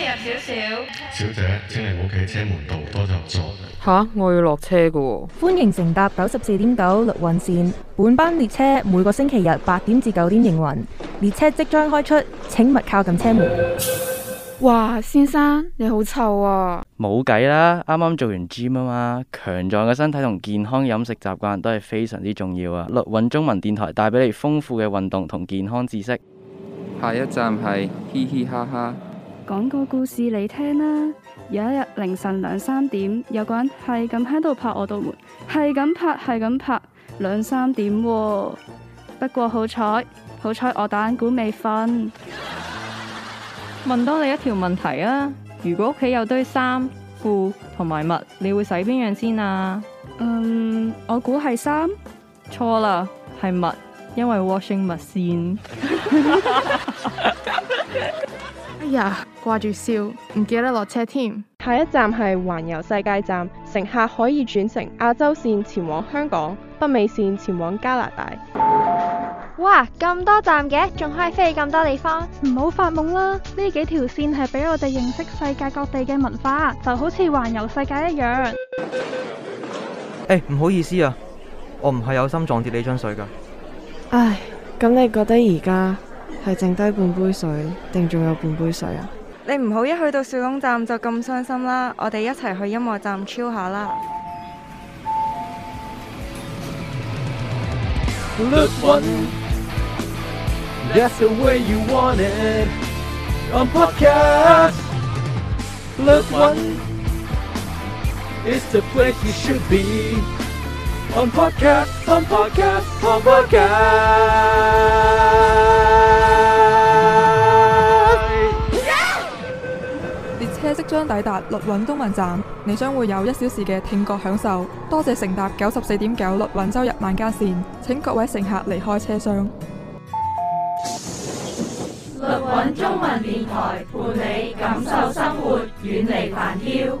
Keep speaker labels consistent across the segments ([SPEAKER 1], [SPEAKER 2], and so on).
[SPEAKER 1] 小姐，請你唔好企喺車門度，多就坐。吓，我要落車噶，歡迎乘搭九十四點九綠運線。本班列車每個星期日八點至九點營運，列車即將開出，
[SPEAKER 2] 請勿靠近車門。
[SPEAKER 3] 哇，先生你好臭啊！
[SPEAKER 4] 冇計啦，啱啱做完 gym 啊嘛，強壯嘅身體同健康飲食習慣都係非常之重要啊！綠運中文電台帶俾你豐富嘅運動同健康知識。下一
[SPEAKER 5] 站係嘻嘻哈哈。
[SPEAKER 4] 講個故事你聽啦！有一日凌晨兩三點，有個人係咁喺度拍我度門，係咁拍係咁拍，兩三點。不過好彩，好彩我打眼鼓未瞓。問多你一條問題啊！如果屋企有堆衫褲同埋襪，你會洗邊樣先啊？嗯，我估係衫。錯啦，係襪，因為 washing machine
[SPEAKER 3] 呀，yeah, 掛住笑，唔記得落車添。下一站係環遊世界站，乘客可以轉乘亞洲線前往香港，北美線前往加拿大。
[SPEAKER 1] 哇，咁多站嘅，仲可以飛咁多地方，唔好發夢啦！呢幾條線係俾我哋認識世界各地嘅文化，就好似
[SPEAKER 3] 環遊世界一樣。
[SPEAKER 5] 誒、欸，唔好意思啊，我唔係有心撞跌你樽水噶。
[SPEAKER 3] 唉，咁你覺得而家？係剩低半杯水，定仲有半杯水啊？
[SPEAKER 1] 你唔好一去到樹洞站就咁傷心啦，我哋一齊去音樂站 chill 下啦。
[SPEAKER 6] The One, Podcast, podcast, podcast,
[SPEAKER 4] Yeah! 列車即將抵達綠韻中文站，你將會有一小時嘅聽覺享受。多謝乘搭九十四點九綠韻周日晚間
[SPEAKER 1] 線。請各位乘客離開車廂。綠
[SPEAKER 7] 韻
[SPEAKER 4] 中文電台伴你感受生活，遠離煩囂。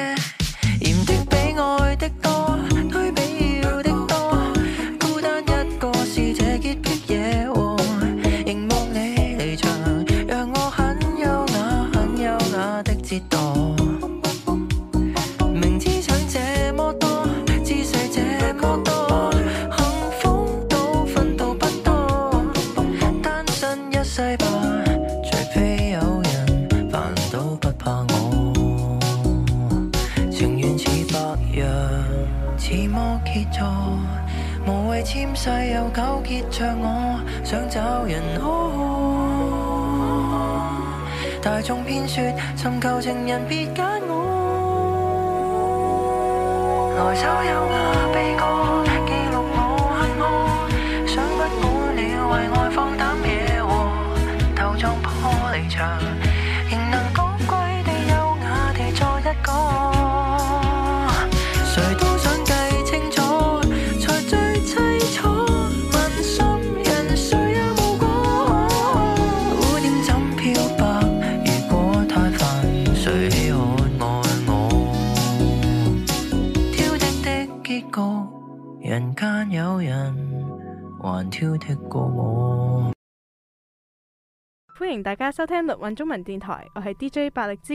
[SPEAKER 3] 大家收聽綠雲中文電台，我係 D J 百力滋，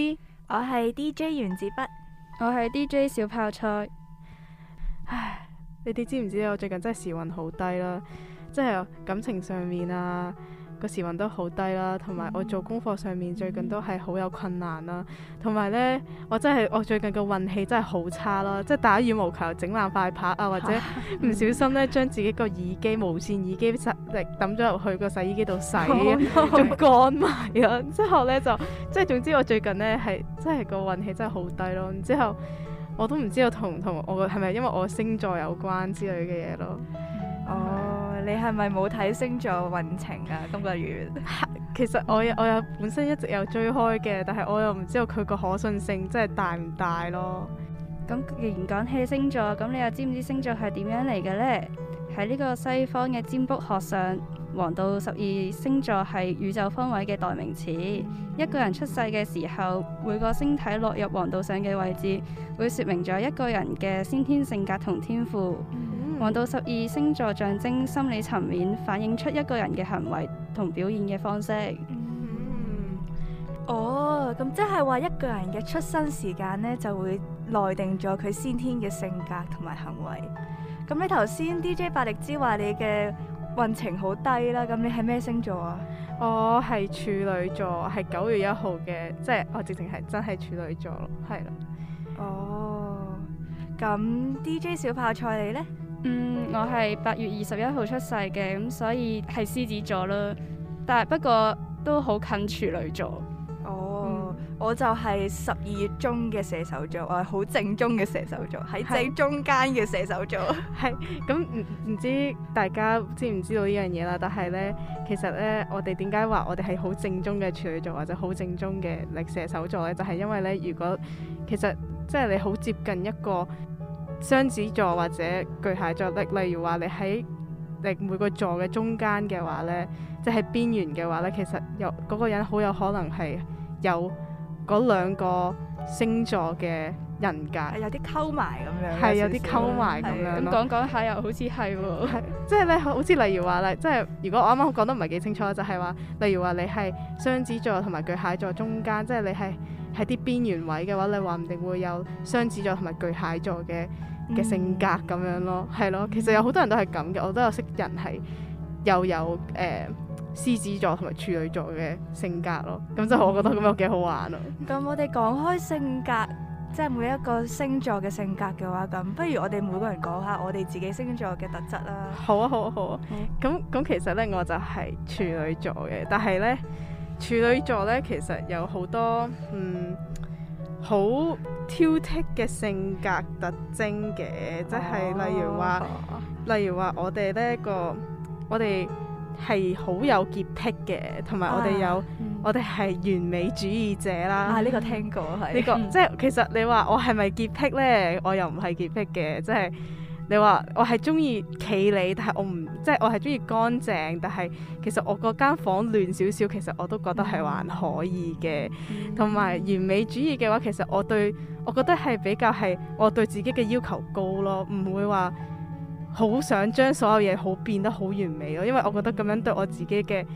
[SPEAKER 3] 我係 D J 原子筆，我係 D J 小泡菜。唉，你哋知唔知我最近真係時運好低啦，即係感情上面啊。時運都好低啦，同埋我做功課上面最近都係好有困難啦，同埋呢，我真係我最近個運氣真係好差啦，即係打羽毛球整爛塊拍啊，或者唔小心呢將 自己個耳機無線耳機甩抌咗入去個洗衣機度洗，仲乾 埋咁， 之後呢，就即係總之我最近呢，係真係個運氣真係好低咯，之後我都唔知道我同同我係咪因為我星座有關之類嘅嘢咯。哦。 你係咪冇睇星座運程啊？今個月 其實我我又本身一直有追開嘅，但係我又唔知道佢個可信性真係大唔大咯。
[SPEAKER 4] 咁既然講起星座，咁你又知唔知星座係點樣嚟嘅呢？喺呢個西方嘅占卜學上，黃道十二星座係宇宙方位嘅代名詞。嗯、一個人出世嘅時候，每個星體落入黃道上嘅位置，會説明咗一個人嘅先天性格同天賦。嗯嗯、黃道十二星座象徵心理層面，反映出一個人嘅行為同表現嘅方式。
[SPEAKER 1] 哦、嗯，咁即係話一個人嘅出生時間呢，就會內定咗佢先天嘅性格同埋行為。咁你頭先 D J 百力滋話你嘅運程好低啦，咁你係咩星座啊？我係、oh，處女座，係九月一號嘅，即係我直情係真係處女座咯，係啦。
[SPEAKER 7] 哦、oh，
[SPEAKER 1] 咁 D J 小泡菜你呢？嗯，我係八月二十一號出
[SPEAKER 4] 世嘅，咁所以係獅子座啦。但係不過都好近處女
[SPEAKER 1] 座。哦，嗯、我就係十二月中嘅射手座，我係好正宗
[SPEAKER 3] 嘅射手座，喺正中間嘅射手座。係，咁唔唔知大家知唔知道呢樣嘢啦？但係呢，其實呢，我哋點解話我哋係好正宗嘅處女座或者好正宗嘅逆射手座呢？就係、是、因為呢，如果其實即係你好接近一個。雙子座或者巨蟹座，例例如話你喺你每個座嘅中間嘅話咧，即係邊緣嘅話咧，其實有嗰個人好有可能係有嗰兩個星座嘅人格，係有
[SPEAKER 1] 啲溝埋咁樣，
[SPEAKER 3] 係有啲溝埋咁樣。咁講
[SPEAKER 1] 講下又好似係喎，
[SPEAKER 3] 即係咧好似例如話，即係如果我啱啱講得唔係幾清楚，就係話例如話你係雙子座同埋巨蟹座中間，即係你係。喺啲邊緣位嘅話，你話唔定會有雙子座同埋巨蟹座嘅嘅性格咁樣咯，係、嗯、咯。其實有好多人都係咁嘅，我都有識人係又有誒、呃、獅子座同埋處女座嘅性格咯。咁就我覺得咁樣有幾好玩咯。
[SPEAKER 1] 咁、嗯、我哋講開性格，即、就、係、是、每一個星座嘅性格嘅話，咁不如我哋每個人講下我哋自己星座嘅特質啦。
[SPEAKER 3] 好啊，好啊，好啊。咁咁、啊、其實咧，我就係處女座嘅，但係咧。處女座咧，其實有好多嗯，好挑剔嘅性格特徵嘅，即係例如話，哦、例如話我哋咧、呢個，我哋係好有潔癖嘅，同埋我哋有，啊、我哋係完美主義者啦。啊，呢、呢個聽過，係呢個， 嗯、即係其實你話我係咪潔癖咧？我又唔係潔癖嘅，即係。你話我係中意企理，但係我唔，即係我係中意乾淨，但係其實我嗰間房亂少少，其實我都覺得係還可以嘅。同埋、mm hmm. 完美主義嘅話，其實我對我覺得係比較係我對自己嘅要求高咯，唔會話好想將所有嘢好變得好完美咯，因為我覺得咁樣對我自己嘅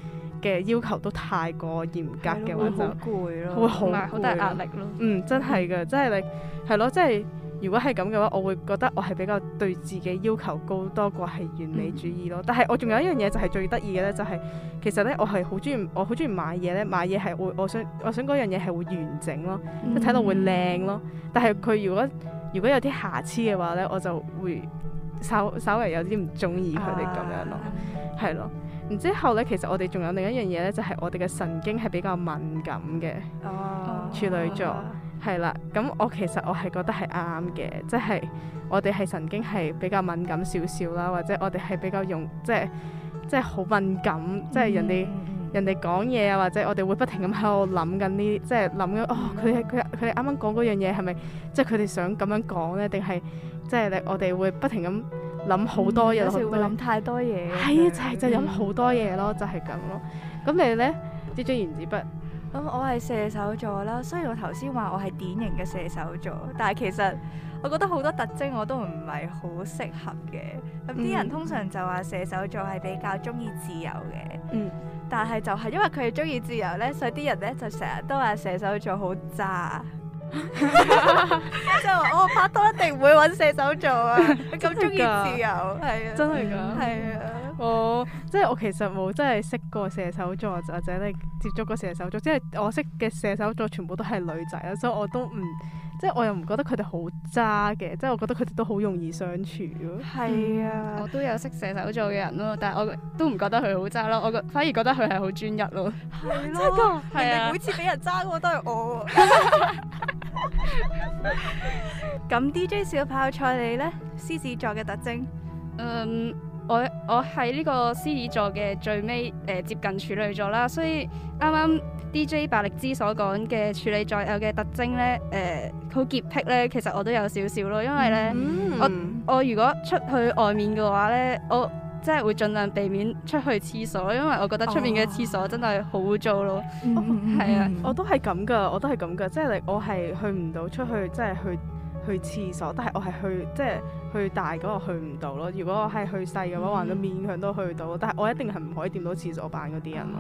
[SPEAKER 3] 嘅要求都太過嚴格嘅話就攰咯，
[SPEAKER 7] 會好大好大壓力咯。嗯，真係
[SPEAKER 3] 嘅，真係你係咯，真係。如果係咁嘅話，我會覺得我係比較對自己要求高多過係完美主義咯。嗯、但係我仲有一樣嘢就係最得意嘅咧，就係、是、其實咧我係好中意我好中意買嘢咧，買嘢係會我想我想嗰樣嘢係會完整咯，即睇到會靚咯。但係佢如果如果有啲瑕疵嘅話咧，我就會稍稍微有啲唔中意佢哋咁樣咯，係、啊、咯。然之後咧，其實我哋仲有另一樣嘢咧，就係、是、我哋嘅神經係比較敏感嘅，啊、處女座。係啦，咁我其實我係覺得係啱嘅，即係我哋係神經係比較敏感少少啦，或者我哋係比較用即係即係好敏感，即係人哋、嗯、人哋講嘢啊，或者我哋會不停咁喺度諗緊呢，即係諗緊哦，佢佢佢啱啱講嗰樣嘢係咪即係佢哋想咁樣講咧，定係即係我哋會不停咁諗好多嘢、嗯，有時會諗
[SPEAKER 1] 太多嘢，係就係就諗好多嘢
[SPEAKER 3] 咯，嗯、就係咁咯。咁你咧呢張原子筆？
[SPEAKER 1] 咁、嗯、我係射手座啦，雖然我頭先話我係典型嘅射手座，但係其實我覺得好多特徵我都唔係好適合嘅。咁、嗯、啲人通常就話射手座係比較中意自由嘅，嗯、但係就係因為佢哋中意自由呢，所以啲人呢就成日都話射手座好渣， 就話我拍拖
[SPEAKER 3] 一定唔會揾射手座啊！
[SPEAKER 1] 咁中意自由，係
[SPEAKER 2] 啊，對真
[SPEAKER 3] 係㗎，係啊對。 嗎哦，即係我其實冇真係識過射手座，或者你接觸過射手座，即係我識嘅射手座全部都係女仔啊，所以我都唔，即係我又唔覺得佢哋好渣嘅，即係我覺得佢哋都好容易相處咯。係啊，
[SPEAKER 4] 我都有識射手座嘅人咯，但係我都唔覺得佢好渣咯，我反而覺得佢係好專一咯。係咯，
[SPEAKER 3] 係啊， 的啊每次俾人渣都係我、
[SPEAKER 1] 啊。咁 DJ 小泡菜你呢？獅子座嘅特徵，嗯。我我係
[SPEAKER 4] 呢個獅子座嘅最尾誒、呃、接近處女座啦，所以啱啱 DJ 百力滋所講嘅處女座有嘅特徵呢，誒好、oh. 呃、潔癖呢。其實我都有少少咯，因為呢，mm. 我我如果出去外面嘅話呢，我即係會盡量
[SPEAKER 3] 避免出去廁所，因為我覺得出面嘅廁所真係好污糟咯。
[SPEAKER 7] 係、oh. 嗯、啊，oh.
[SPEAKER 3] 我都係咁噶，我都係咁噶，即、就、係、是、我係去唔到出去，即、就、係、是、去。去廁所，但係我係去即係去大嗰個去唔到咯。如果我係去細嘅話，還都、mm hmm. 勉強都去到。但係我一定係唔可以掂到廁所板嗰啲人咯，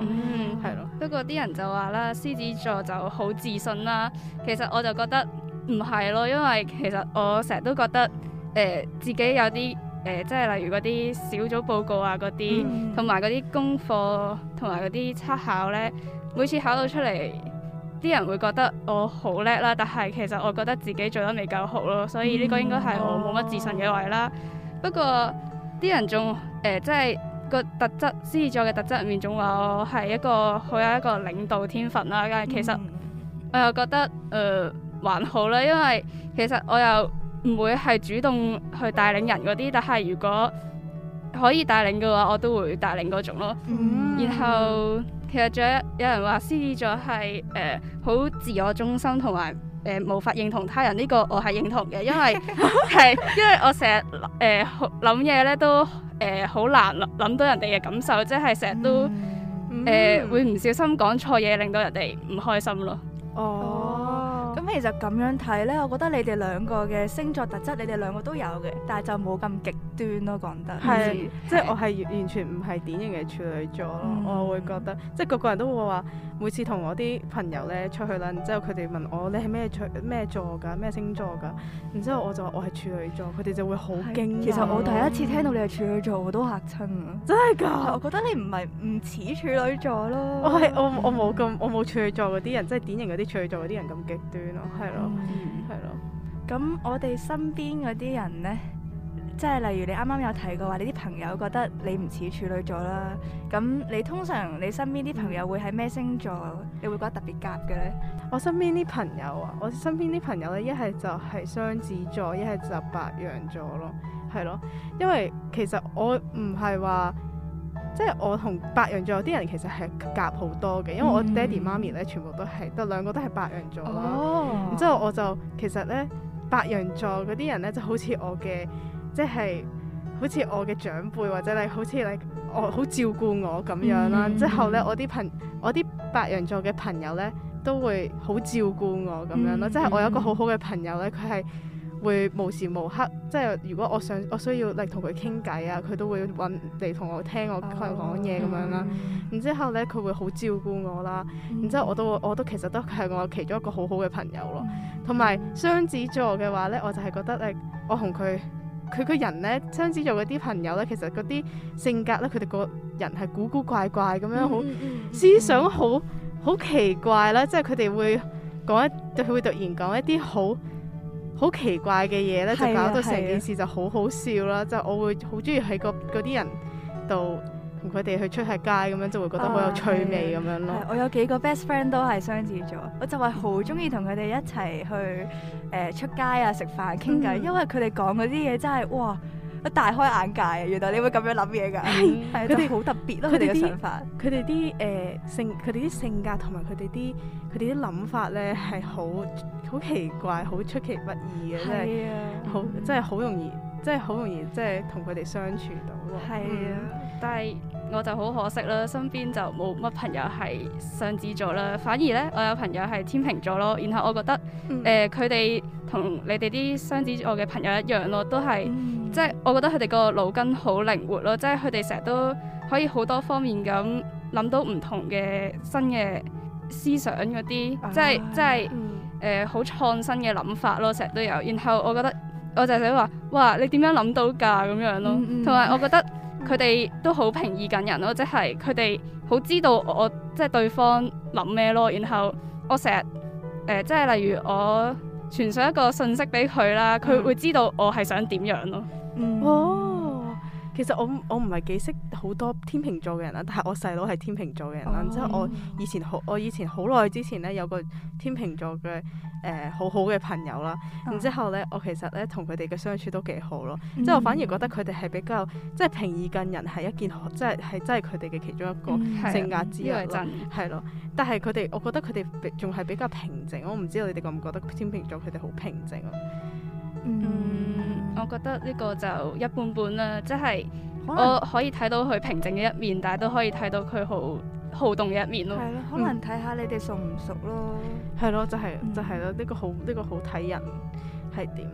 [SPEAKER 3] 係咯、mm。
[SPEAKER 4] 不過啲人就話啦，獅子座就好自信啦、啊。其實我就覺得唔係咯，因為其實我成日都覺得誒、呃、自己有啲誒、呃，即係例如嗰啲小組報告啊嗰啲，同埋嗰啲功課，同埋嗰啲測考咧，每次考到出嚟。啲人會覺得我好叻啦，但係其實我覺得自己做得未夠好咯，所以呢個應該係我冇乜自信嘅位啦。嗯、不過啲人仲誒、呃，即係個特質，獅子座嘅特質入面仲話我係一個好有一個領導天分啦。梗係其實、嗯、我又覺得誒、呃、還好啦，因為其實我又唔會係主動去帶領人嗰啲，但係如果可以帶領嘅話，我都會帶領嗰種咯。嗯、然後。其實仲有，有人話獅子座係誒好自我中心同埋誒無法認同他人，呢、呢個我係認同嘅，因為係 因為我成日誒諗嘢咧都誒好、呃、難諗到人哋嘅感受，即係成日都誒、嗯嗯呃、會唔小心講錯嘢，令到人哋唔開心咯。哦。
[SPEAKER 1] 其實咁樣睇咧，我覺得你哋兩個嘅星座
[SPEAKER 3] 特質，你哋兩個都有嘅，但係就冇咁極端咯。講得係，即係我係完全唔係典型嘅處女座咯。 我會覺得，即係個個人都會話，每次同我啲朋友咧出去啦，然之後佢哋問我你係咩咩座㗎，咩星座㗎？然之後我就話我係處女座，佢哋就會好驚。 其實我第一次聽
[SPEAKER 1] 到你係處女座，我都嚇親。
[SPEAKER 3] 真係㗎，我覺得你唔係唔似處女座咯。 我係我我冇咁，我冇處女座嗰啲人，即係典型嗰啲處女座嗰啲人咁極端。係咯，係咯。咁，嗯，我哋身
[SPEAKER 1] 邊嗰啲人呢，即係例如你啱啱有提過話，你啲朋友覺得你唔似處女座啦。咁你通常你身邊啲朋友會係咩星座？你會覺得特別
[SPEAKER 3] 夾嘅呢？ 我身邊啲朋友啊，我身邊啲朋友咧，一係就係雙子座，一係就白羊座咯，係咯。因為其實我唔係話。即係我同白羊座啲人其實係夾好多嘅，因為我爹哋媽咪咧，全部都係得兩個都係白羊座啦。Oh, okay. 然之後我就其實咧，白羊座嗰啲人咧就好似我嘅，即係好似我嘅長輩或者你好似你我好照顧我咁樣啦。之後咧，mm hmm. 我啲朋我啲白羊座嘅朋友咧都會好照顧我咁樣咯。Mm hmm. 即係我有一個好好嘅朋友咧，佢係。會無時無刻，即係如果我想我需要嚟同佢傾偈啊，佢都會揾嚟同我聽我講嘢咁樣啦、啊。Mm hmm. 然之後咧，佢會好照顧我啦。Mm hmm. 然之後我都我都其實都係我其中一個好好嘅朋友咯。同埋雙子座嘅話咧，我就係覺得咧，我同佢佢個人咧，雙子座嗰啲朋友咧，其實嗰啲性格咧，佢哋個人係古古怪怪咁樣，好、mm hmm. 思想好好奇怪啦。即係佢哋會講一，佢會突然講一啲好。好奇怪嘅嘢咧，啊、就搞到成件事就好好笑啦！啊、就我會好中意喺個嗰啲人度同佢哋去出下街咁樣就會覺得好有趣味咁樣咯、啊啊啊。我有幾個 best friend 都係雙
[SPEAKER 1] 子座，我就係好中意同佢哋一齊去誒、呃、出街啊、食飯傾偈，嗯、因為佢哋講嗰啲嘢真係哇，大開眼界啊！原來你會咁樣諗嘢噶，係佢哋好特別咯、啊。佢哋嘅想法，
[SPEAKER 3] 佢哋啲誒性，佢哋啲性格同埋佢哋啲佢哋啲諗法咧，係好。好奇怪，好出其不意嘅，真係好是、啊，真係好容易，真係好容易，即係同佢哋相處到。係是啊，嗯、但係我就好可惜啦，身
[SPEAKER 4] 邊就冇乜朋友係雙子座啦。反而咧，我有朋友係天秤座咯。然後我覺得誒，佢哋同你哋啲雙子座嘅朋友一樣咯，都係、嗯、即係我覺得佢哋個腦筋好靈活咯，即係佢哋成日都可以好多方面咁諗到唔同嘅新嘅思想嗰啲、哎呀，即係即係。嗯誒好、呃、創新嘅諗法咯，成日都有。然後我覺得我就係想話，哇！你點樣諗到㗎咁樣咯？同埋、嗯嗯、我覺得佢哋、嗯、都好平易近人咯，即係佢哋好知道我即係對方諗咩咯。然後我成日誒即係例如我傳上一個信息俾佢啦，佢、嗯、會
[SPEAKER 3] 知道我係想點樣咯。嗯。哦其實我我唔係幾識好多天秤座嘅人啦，但係我細佬係天秤座嘅人啦。Oh. 然之後我以前好我以前好耐之前咧，有個天秤座嘅誒、呃、好好嘅朋友啦。Oh. 然之後咧，我其實咧同佢哋嘅相處都幾好咯。即係、mm. 我反而覺得佢哋係比較即係平易近人係一件，即係係真係佢哋嘅其中一個性格之一咯。係咯、mm.，真真但係佢哋，我覺得佢哋仲係比較平靜。我唔知你哋覺唔覺得天秤座佢哋好平靜啊？
[SPEAKER 4] 嗯，我覺得呢個就一般般啦，即係可能 我可以睇到佢平靜嘅一面，但係都可以睇到佢好好動嘅一面咯。係咯，可能
[SPEAKER 1] 睇下你哋熟唔熟
[SPEAKER 3] 咯。係咯、嗯，就係、係、就係、係、咯，呢、呢個好呢、呢個好睇人係點？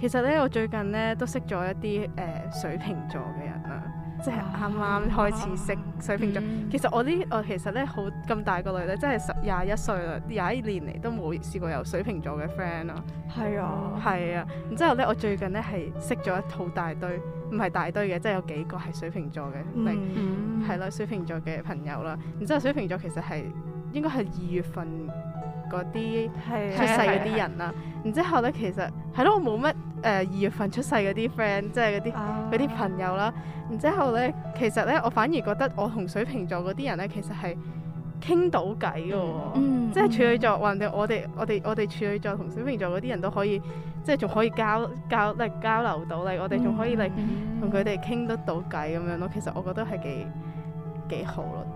[SPEAKER 3] 其實呢，我最近呢都識咗一啲誒、呃、水瓶座嘅人啦。即係啱啱開始識水瓶座，啊嗯、其實我呢我其實咧好咁大個女咧，真係十廿一歲啦，廿一年嚟都冇試過有水瓶座嘅 friend 咯。係啊，係啊，然之後咧，我最近咧係識咗一套大堆，唔係大堆嘅，即係有幾個係水瓶座嘅，係啦，水瓶座嘅朋友啦。然之後水瓶座其實係應該係二月份。嗰啲出世嗰啲人啦，然之後咧其實係咯，我冇乜誒二月份出世嗰啲 friend，即係嗰啲嗰啲朋友啦。然之後咧，其實咧，我反而覺得我同水瓶座嗰啲人咧，其實係傾到偈嘅，嗯嗯、即係處女座或者我哋我哋我哋處女座同水瓶座嗰啲人都可以，即係仲可以交交嚟交流到，嚟我哋仲可以嚟同佢哋傾得到偈咁樣咯。其實我覺得係幾幾好咯。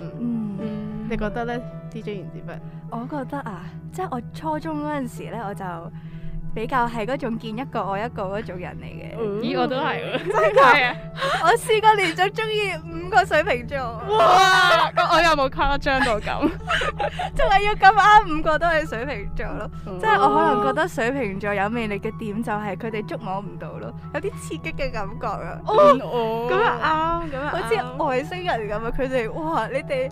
[SPEAKER 3] 嗯。嗯。你覺得咧 DJ 原子
[SPEAKER 1] 筆？我覺得啊，即係我初中嗰陣時咧，我就比較係嗰種見一個愛一個嗰種人嚟嘅。咦，我都係，真係啊！ 是 我試過連續中意五個水瓶座。哇！
[SPEAKER 3] 我有冇誇張到咁？
[SPEAKER 1] 即係我要咁啱五個都係水瓶座咯。Oh. 即係我可能覺得水瓶座有魅力嘅點就係佢哋捉摸唔到咯，有啲刺激嘅感覺啊！咁、oh. 樣啱，咁樣啱，好似外星人咁啊！佢哋哇，你哋。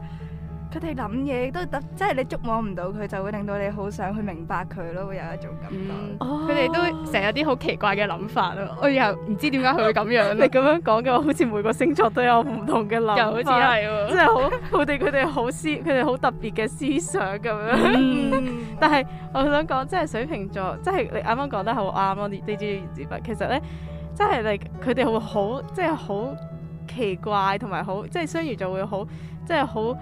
[SPEAKER 1] 佢哋諗嘢都得，即係你觸摸唔到佢，就會令到你好想去明白佢咯，會有一種感覺。佢哋都成日有
[SPEAKER 4] 啲
[SPEAKER 3] 好奇怪嘅諗法咯。我又唔知點解佢會咁樣。你咁樣講嘅話，好似每個星座都有唔同嘅諗法。又好似係喎，真係好，佢哋佢哋好思，佢哋好特別嘅思想咁樣。但係我想講，即係水瓶座，即係你啱啱講得好啱咯。呢啲原子筆其實咧，即係你佢哋會好即係好奇怪，同埋好即係雙魚就會好即係好。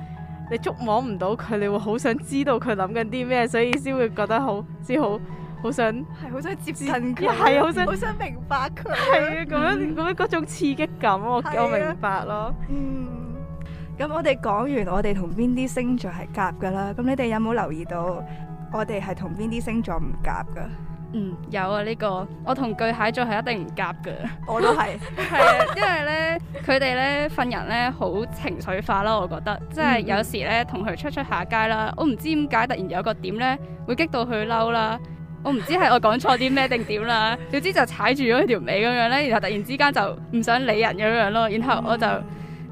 [SPEAKER 3] 你觸摸唔到佢，你會好想知道佢諗緊啲咩，所以先會覺得好，先好，好想係好想接近佢，係
[SPEAKER 1] 好想，好想明
[SPEAKER 7] 白佢，係啊，咁樣，
[SPEAKER 3] 嗰、嗯、種刺激感，我、啊、我明白咯。
[SPEAKER 1] 嗯，咁我哋講完我哋同邊啲星座係夾噶啦，咁你哋有冇留意到我哋係同邊啲星座唔夾噶？
[SPEAKER 4] 嗯，有啊呢、這個，我同巨蟹座係一定唔夾噶，我都係，係啊，因為呢，佢哋呢份人呢，好情緒化囉，我覺得，即係有時呢，同佢出出下街啦，我唔知點解突然有個點呢，會激到佢嬲啦，我唔知係我講錯啲咩定點啦， 總之就踩住咗佢條尾咁樣呢，然後突然之間就唔想理人咁樣咯，然後我就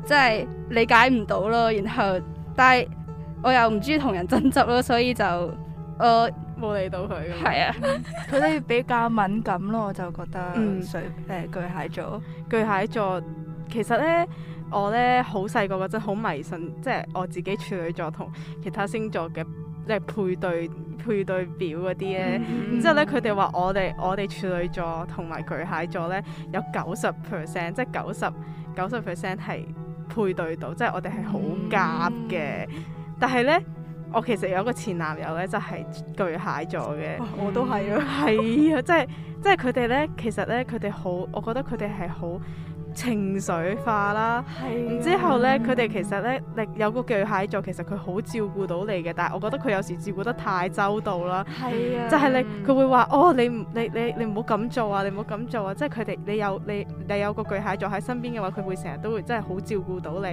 [SPEAKER 4] 即係、嗯、理解唔到咯，然後但係我又唔中意同人爭執
[SPEAKER 1] 咯，所以就誒。
[SPEAKER 3] 孤立到佢咁，
[SPEAKER 2] 係
[SPEAKER 1] 啊，佢哋 比較敏感咯，
[SPEAKER 3] 我就覺得、
[SPEAKER 2] 嗯、
[SPEAKER 6] 水
[SPEAKER 3] 誒、呃、巨蟹座，巨蟹座其實咧，我咧好細個嗰陣好迷信，即係我自己處女座同其他星座嘅即係配對配對表嗰啲咧。然之後咧，佢哋話我哋我哋處女座同埋巨蟹座咧有九十 percent，即係九十九十 percent 係配對到，即係我哋係好夾嘅。嗯、但係咧。我其實有一個前男友咧，就係巨蟹座嘅，嗯、我都係啊， 啊，係、就、啊、係，即係即係佢哋咧，其實咧，佢哋好，我覺得佢哋係好情緒化啦，之後咧，佢哋、嗯、其實咧，你有個巨蟹座，其實佢好照顧到你嘅，但係我覺得佢有時照顧得太周到啦，嗯、就係你佢會話哦，你唔你你你唔好咁做啊，你唔好咁做啊，即係佢哋你有你你有個巨蟹座喺身邊嘅話，佢會成日都會真係好照顧到你，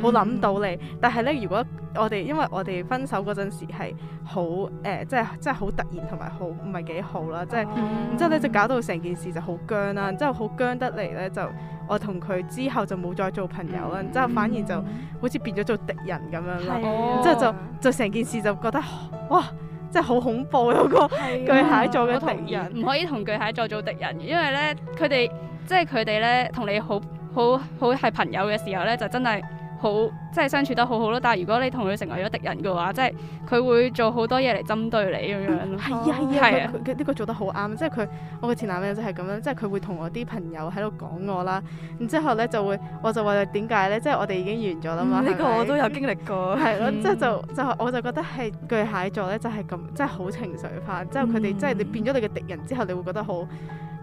[SPEAKER 3] 好諗、嗯嗯、到你。但係咧，如果我哋因為我哋分手嗰陣時係好誒，即係即係好突然同埋好唔係幾好啦，即係，之、嗯、後咧就搞到成件事就好僵啦，之後好僵得嚟咧就我就。同佢之後就冇再做朋友啦，之、嗯、後反而就好似變咗做敵人咁樣啦，之、啊、後就就成件事就覺得哇，真係好恐怖嗰、這個巨蟹座嘅敵人，
[SPEAKER 4] 唔、啊、可以同巨蟹再做敵人，因為咧佢哋即係佢哋咧同你好好好係朋友嘅時候咧，就真係。好即係、就是、相處得好好咯，但係如果你同佢成為咗敵人嘅話，即係佢會做好多嘢嚟針對你咁樣咯。係啊
[SPEAKER 3] 係啊，佢呢個做得好啱，即係佢我嘅前男友就係咁樣，即係佢會同我啲朋友喺度講我啦，然之後咧就會我就話點解咧，即、就、係、是、我哋已經完咗啦嘛。呢、嗯、吧個我都有
[SPEAKER 1] 經歷過，係咯， 即係
[SPEAKER 3] 就就我就覺得係巨蟹座咧，就係、是、咁，即、就、係、是、好情緒化，之、嗯、後佢哋即係你變咗你嘅敵人之後，你會覺得好。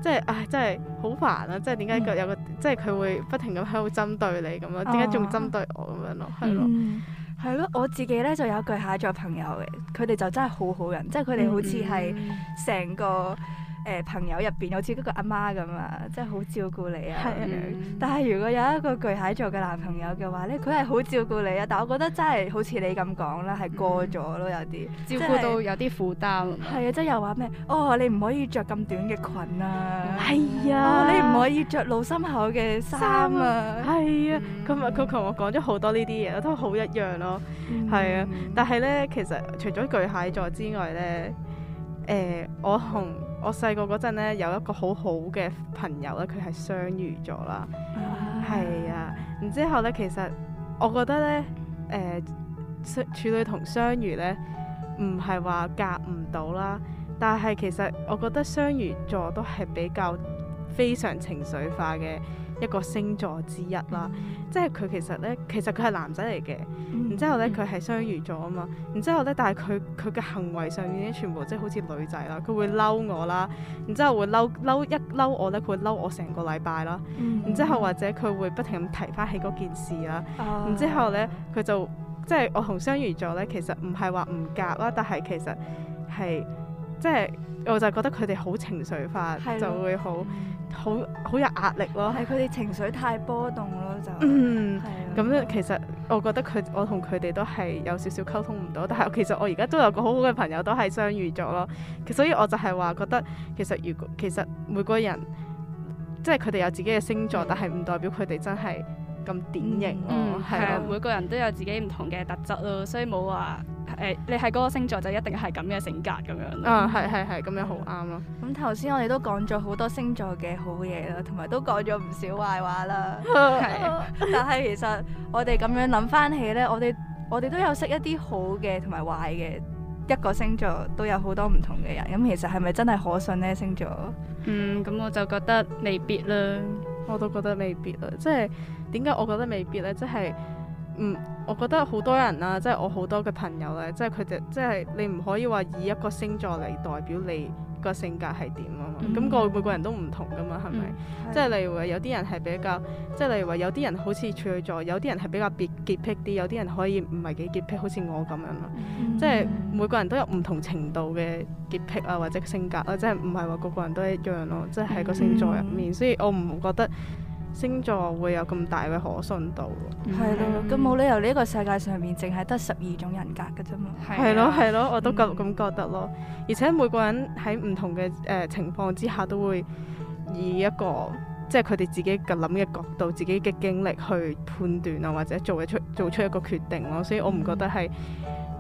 [SPEAKER 3] 即係，唉，真係好煩啊！即係點解佢有個，嗯、即係佢會不停咁喺度針對你咁樣，點解仲針對我咁樣咯？
[SPEAKER 1] 係咯、嗯
[SPEAKER 7] 了，
[SPEAKER 3] 係咯，我自己咧就有一句下載朋友嘅，
[SPEAKER 1] 佢哋就真係好好人，嗯、即係佢哋好似係成個，嗯嗯誒、欸、朋友入邊好似嗰個阿媽咁啊，即係好照顧你啊。的嗯、但係如果有一個巨蟹座嘅男朋友嘅話咧，佢係好照顧你啊。但我覺得真係好似你咁講啦，係過咗咯，有啲照顧到有啲負擔。係啊的，即係、嗯、又話咩？哦，你唔可以着咁短嘅裙啊。
[SPEAKER 3] 係啊的、哦，你唔可以着露心口嘅衫啊。係啊，今日佢同我講咗好多呢啲嘢，都好一樣咯。係啊、嗯，但係咧，其實除咗巨蟹座之外咧，誒、呃、我同。我細個嗰陣咧，有一個好好嘅朋友咧，佢係雙魚座啦，係 啊，然之後咧，其實我覺得咧，誒、呃，處女同雙魚咧，唔係話夾唔到啦，但係其實我覺得雙魚座都係比較非常情緒化嘅。一個星座之一啦，嗯、即係佢其實咧，其實佢係男仔嚟嘅，嗯、然之後咧，佢係雙魚座啊嘛，然之後咧，但係佢佢嘅行為上面啲全部即係好似女仔啦，佢會嬲我啦，然之後會嬲嬲一嬲我咧，佢會嬲我成個禮拜啦，嗯嗯、然之後或者佢會不停咁提翻起嗰件事啦，嗯、然之後咧，佢就即係我同雙魚座咧，其實唔係話唔夾啦，但係其實係。即係，我就覺得佢哋好情緒化，的就會好好好有壓力咯。係佢哋情緒太波動咯，就咁。 的其實我覺得佢，我同佢哋都係有少少溝通唔到。但係其實我而家都有個好好嘅朋友都係相遇咗咯。所以我就係話覺得，其實如果其實每個人，即係佢哋有自己嘅星座，的但係唔代表佢哋真係。咁典型咯、
[SPEAKER 1] 啊，係、嗯啊、
[SPEAKER 4] 每個人都有自己唔同嘅特質咯、啊，所以冇話誒你係嗰個星
[SPEAKER 1] 座就一定係咁嘅性格咁樣咯、啊。啊係係係，咁樣好啱咯。咁頭先我哋都講咗好多星座嘅好嘢啦，同埋都講咗唔少壞話啦。係， 但係其實我哋咁樣諗翻起呢，我哋我哋都有識一啲好嘅同埋壞嘅，一個星座都有好多唔同嘅人。咁其實係咪真係可信呢？星座？嗯，
[SPEAKER 3] 咁我就覺得未必啦。我都覺得未必啊，即係點解我覺得未必咧？即係，嗯，我覺得好多人啦，即係我好多嘅朋友咧，即係佢哋，即係你唔可以話以一個星座嚟代表你。個性格係點啊嘛？咁、mm hmm. 個每個人都唔同㗎嘛，係咪？Mm hmm. 即係例如話有啲人係比較，即係例如話有啲人好似處女座，有啲人係比較潔潔癖啲，有啲人可以唔係幾潔癖，好似我咁樣咯。Mm hmm. 即係每個人都有唔同程度嘅潔癖啊，或者性格啊，即係唔係話個個人都一樣咯。即係喺個星座入面，mm hmm. 所以我唔覺得。星座會有咁大嘅可信度咯，係咯、嗯，咁
[SPEAKER 1] 冇理由呢個世界上面淨係得十二種人格嘅啫嘛，係咯係
[SPEAKER 3] 咯，我都咁咁覺得咯。而且每個人喺唔同嘅誒情況之下，都會以一個即係佢哋自己嘅諗嘅角度、自己嘅經歷去判斷啊，或者做嘅出做出一個決定咯。所以我唔覺得係，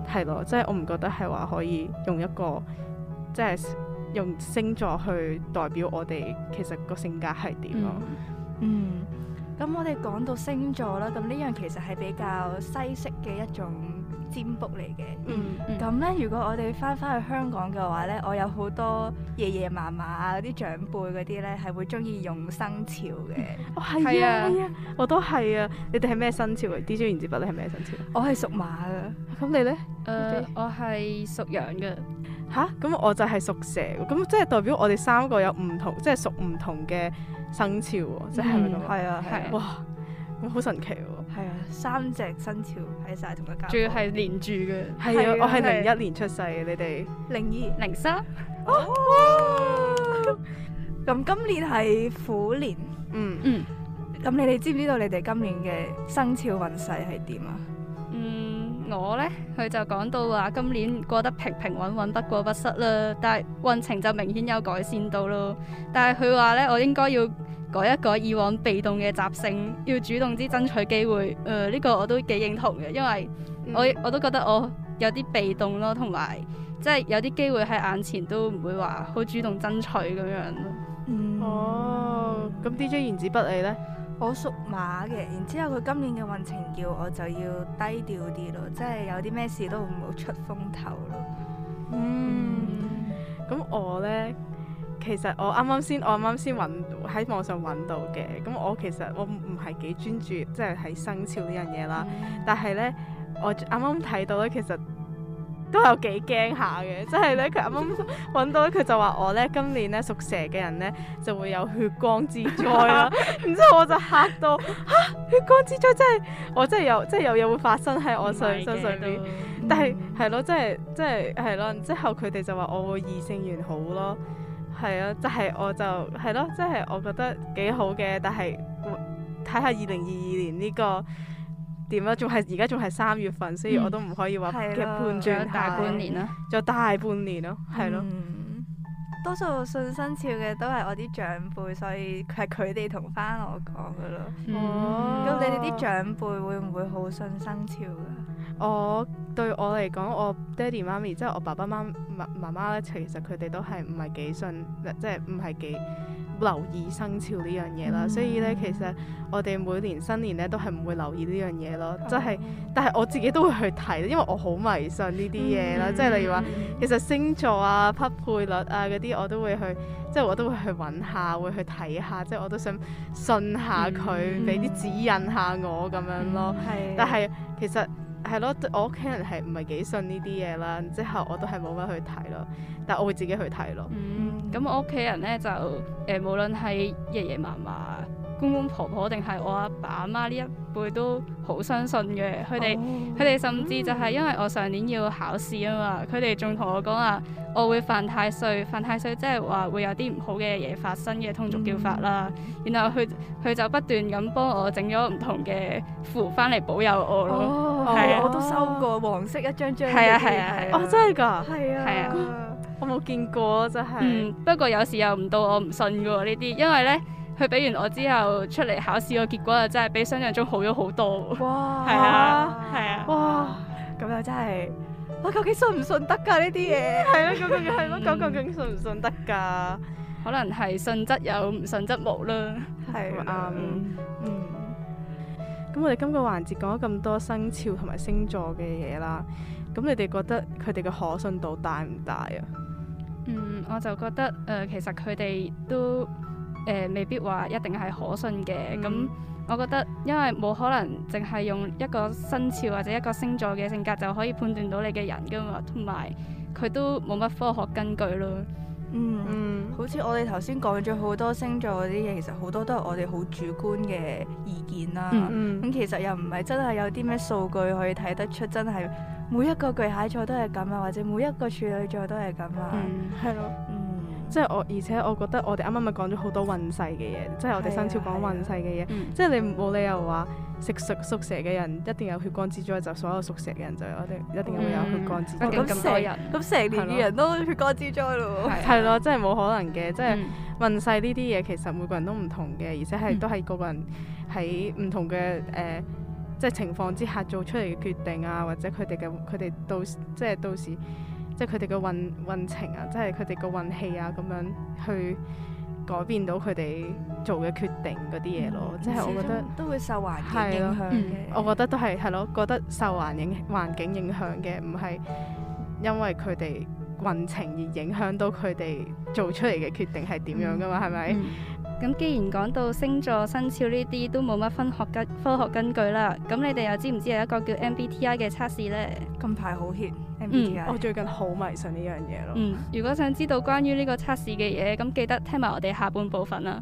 [SPEAKER 3] 係咯，即係我唔覺得係話可以用一個即係用星座去代表我哋其實個性格係點咯。
[SPEAKER 1] 嗯，咁我哋講到星座啦，咁呢樣其實係比較西式嘅一種占卜嚟嘅。嗯，咁咧、嗯，如果我哋翻翻去香港嘅話咧，我有好多爺爺嫲嫲啊，啲長輩嗰啲咧係會中意用生肖嘅。哦係啊，
[SPEAKER 3] 我都係啊。你哋係咩生肖啊？DJ 原子筆你係咩生肖？我
[SPEAKER 4] 係屬馬噶。咁你咧？誒、
[SPEAKER 1] 呃，Okay. 我係
[SPEAKER 3] 屬羊噶。吓、啊，咁我就係屬蛇，咁即係代表我哋三個有唔同，即係屬唔同嘅。生肖喎，即係咪？係啊，係啊，哇，咁好神奇喎！係啊，
[SPEAKER 1] 三隻生肖喺晒同一間屋，仲要係連住嘅，係啊，我係零一年出世嘅，你哋零二零三，哦！咁今年係虎年，嗯嗯，咁你哋知唔知道你哋今年嘅生肖運勢係點啊？嗯。
[SPEAKER 4] 我呢，佢就講到話今年過得平平穩穩，不過不失啦。但係運程就明顯有改善到咯。但係佢話呢，我應該要改一改以往被動嘅習性，要主動啲爭取機會。誒、呃、呢、這個我都幾認同嘅，因為我我都覺得我有啲被動咯，同埋即係有啲機會喺眼前都唔會話好主動爭取咁樣咯。
[SPEAKER 1] 嗯、哦，咁 D J 原子筆呢？我屬馬嘅，然之後佢今年嘅運程叫我就要低調啲咯，即係有啲咩事都唔好出風頭
[SPEAKER 3] 咯。嗯，咁我呢，其實我啱啱先，我啱啱先搵喺網上揾到嘅，咁我其實我唔係幾專注即係睇生肖呢樣嘢啦，嗯、但係呢，我啱啱睇到呢，其實。都有幾驚下嘅，即係咧佢啱啱揾到佢 就話我咧今年咧屬蛇嘅人咧就會有血光之災啦。然之後 我就嚇到嚇、 啊、血光之災即係我真係有即係有嘢會發生喺我身上身上邊。但係係咯，即係即係係咯。之後佢哋就話我會異性緣好咯，係咯，即係我就係咯，即係我覺得幾好嘅。但係睇下二零二二年呢個。點啊？仲係而家仲係三月份，所以我都唔可以話拍判斷大半年啦，仲了有大半年咯，係咯。嗯、
[SPEAKER 1] 了多數信生肖嘅都係我啲長輩，所以係佢哋同翻我講噶咯。咁、嗯嗯、你哋啲長
[SPEAKER 3] 輩會唔會好信生肖噶？Oh. 我對我嚟講，我爹哋媽咪即係我爸爸媽媽媽媽咧，其實佢哋都係唔係幾信，即係唔係幾。留意生肖呢樣嘢啦，嗯、所以咧其實我哋每年新年咧都係唔會留意呢樣嘢咯，即係、嗯就是、但係我自己都會去睇，因為我好迷信呢啲嘢啦，即係、嗯、例如話、嗯、其實星座啊、匹配率啊嗰啲我都會去，即、就、係、是、我都會去揾下，會去睇下，即、就、係、是、我都想信下佢，俾啲、嗯、指引下我咁樣咯。嗯、但係其實。係咯，我屋企人係唔係幾信呢啲嘢啦，之後我都係冇乜去睇咯，但我會自己去睇咯。咁、嗯、我屋企人咧就，誒、
[SPEAKER 4] 呃，無論係爺爺嫲嫲，公公婆婆定係我阿爸阿媽呢一輩都好相信嘅，佢哋佢哋甚至就係因為我上年要考試啊嘛，佢哋仲同我講話，我會犯太歲，犯太歲即係話會有啲唔好嘅嘢發生嘅通俗叫法啦。嗯、然後佢佢就不斷咁幫我整咗唔同嘅符翻嚟保佑我咯。哦，啊、哦，我都
[SPEAKER 3] 收過黃色一張張
[SPEAKER 1] 嘅，係啊係啊，哦真係
[SPEAKER 4] 噶，係啊，
[SPEAKER 3] 我冇見過真係。
[SPEAKER 4] 嗯，不過有時又唔到我唔信噶喎呢啲，因為咧。佢俾完我之後出嚟考試個結果就真係比想像中好咗好多。
[SPEAKER 3] 哇！
[SPEAKER 4] 係啊，係
[SPEAKER 7] 啊！
[SPEAKER 3] 哇，咁又真係，我究竟信唔信得㗎呢啲嘢？係咯、 啊，究竟係咯，嗯、究竟信唔信得㗎？可能係信
[SPEAKER 4] 則有，唔信則無啦。係啱、啊。嗯。
[SPEAKER 3] 咁、嗯、我哋今個環節講咗咁多生肖同埋星座嘅嘢啦，咁你哋覺得佢哋嘅可信度大唔大啊？
[SPEAKER 4] 嗯，我就覺得，誒、呃，其實佢哋都。誒、呃、未必話一定係可信嘅，咁、嗯、我覺得因為冇可能淨係用一個生肖或者一個星座嘅性格就可以判斷到你嘅人噶嘛，同埋
[SPEAKER 1] 佢都冇乜科學根據咯。嗯，好似我哋頭先講咗好多星座嗰啲嘢，其實好多都係我哋好主觀嘅意見啦。咁、嗯嗯嗯嗯、其實又唔係真係有啲咩數據可以睇得出，真係每一個巨蟹座都係咁啊，或者每
[SPEAKER 3] 一個處女座都係咁啊。係咯、嗯。的即係我，而且我覺得我哋啱啱咪講咗好多運勢嘅嘢，即、就、係、是、我哋生肖講運勢嘅嘢。啊啊嗯、即係你冇理由話食熟屬蛇嘅人一定有血光之災，就所有屬蛇嘅人就有一定一定會有血光之災，咁成年嘅
[SPEAKER 1] 人都血光之災咯。
[SPEAKER 3] 係咯、啊， 真係冇可能嘅。即、就、係、是嗯、運勢呢啲嘢，其實每個人都唔同嘅，而且係、嗯、都係個人喺唔同嘅誒、呃，即係情況之下做出嚟嘅決定啊，或者佢哋嘅佢哋到即係到時。即係佢哋嘅運運程啊，即係佢哋嘅運氣啊，咁樣去改變到佢哋做嘅決定嗰啲嘢咯。嗯、即係我覺得都會受環境影響嘅了。嗯、我覺得都係係咯，覺得受環境環境影響嘅，唔係因為佢哋運程而影響到佢哋做出嚟嘅決定係點樣噶嘛？係咪、
[SPEAKER 4] 嗯？咁、嗯、既然講到星座、生肖呢啲都冇乜分學科學根據啦，咁你哋又知唔知有一個叫 MBTI 嘅測試呢？近排好 hit 嗯，我最近好迷信呢樣
[SPEAKER 3] 嘢咯。
[SPEAKER 7] 嗯，
[SPEAKER 4] 如果想知道關於呢個測試嘅嘢，咁記得聽埋我哋下半部分啦。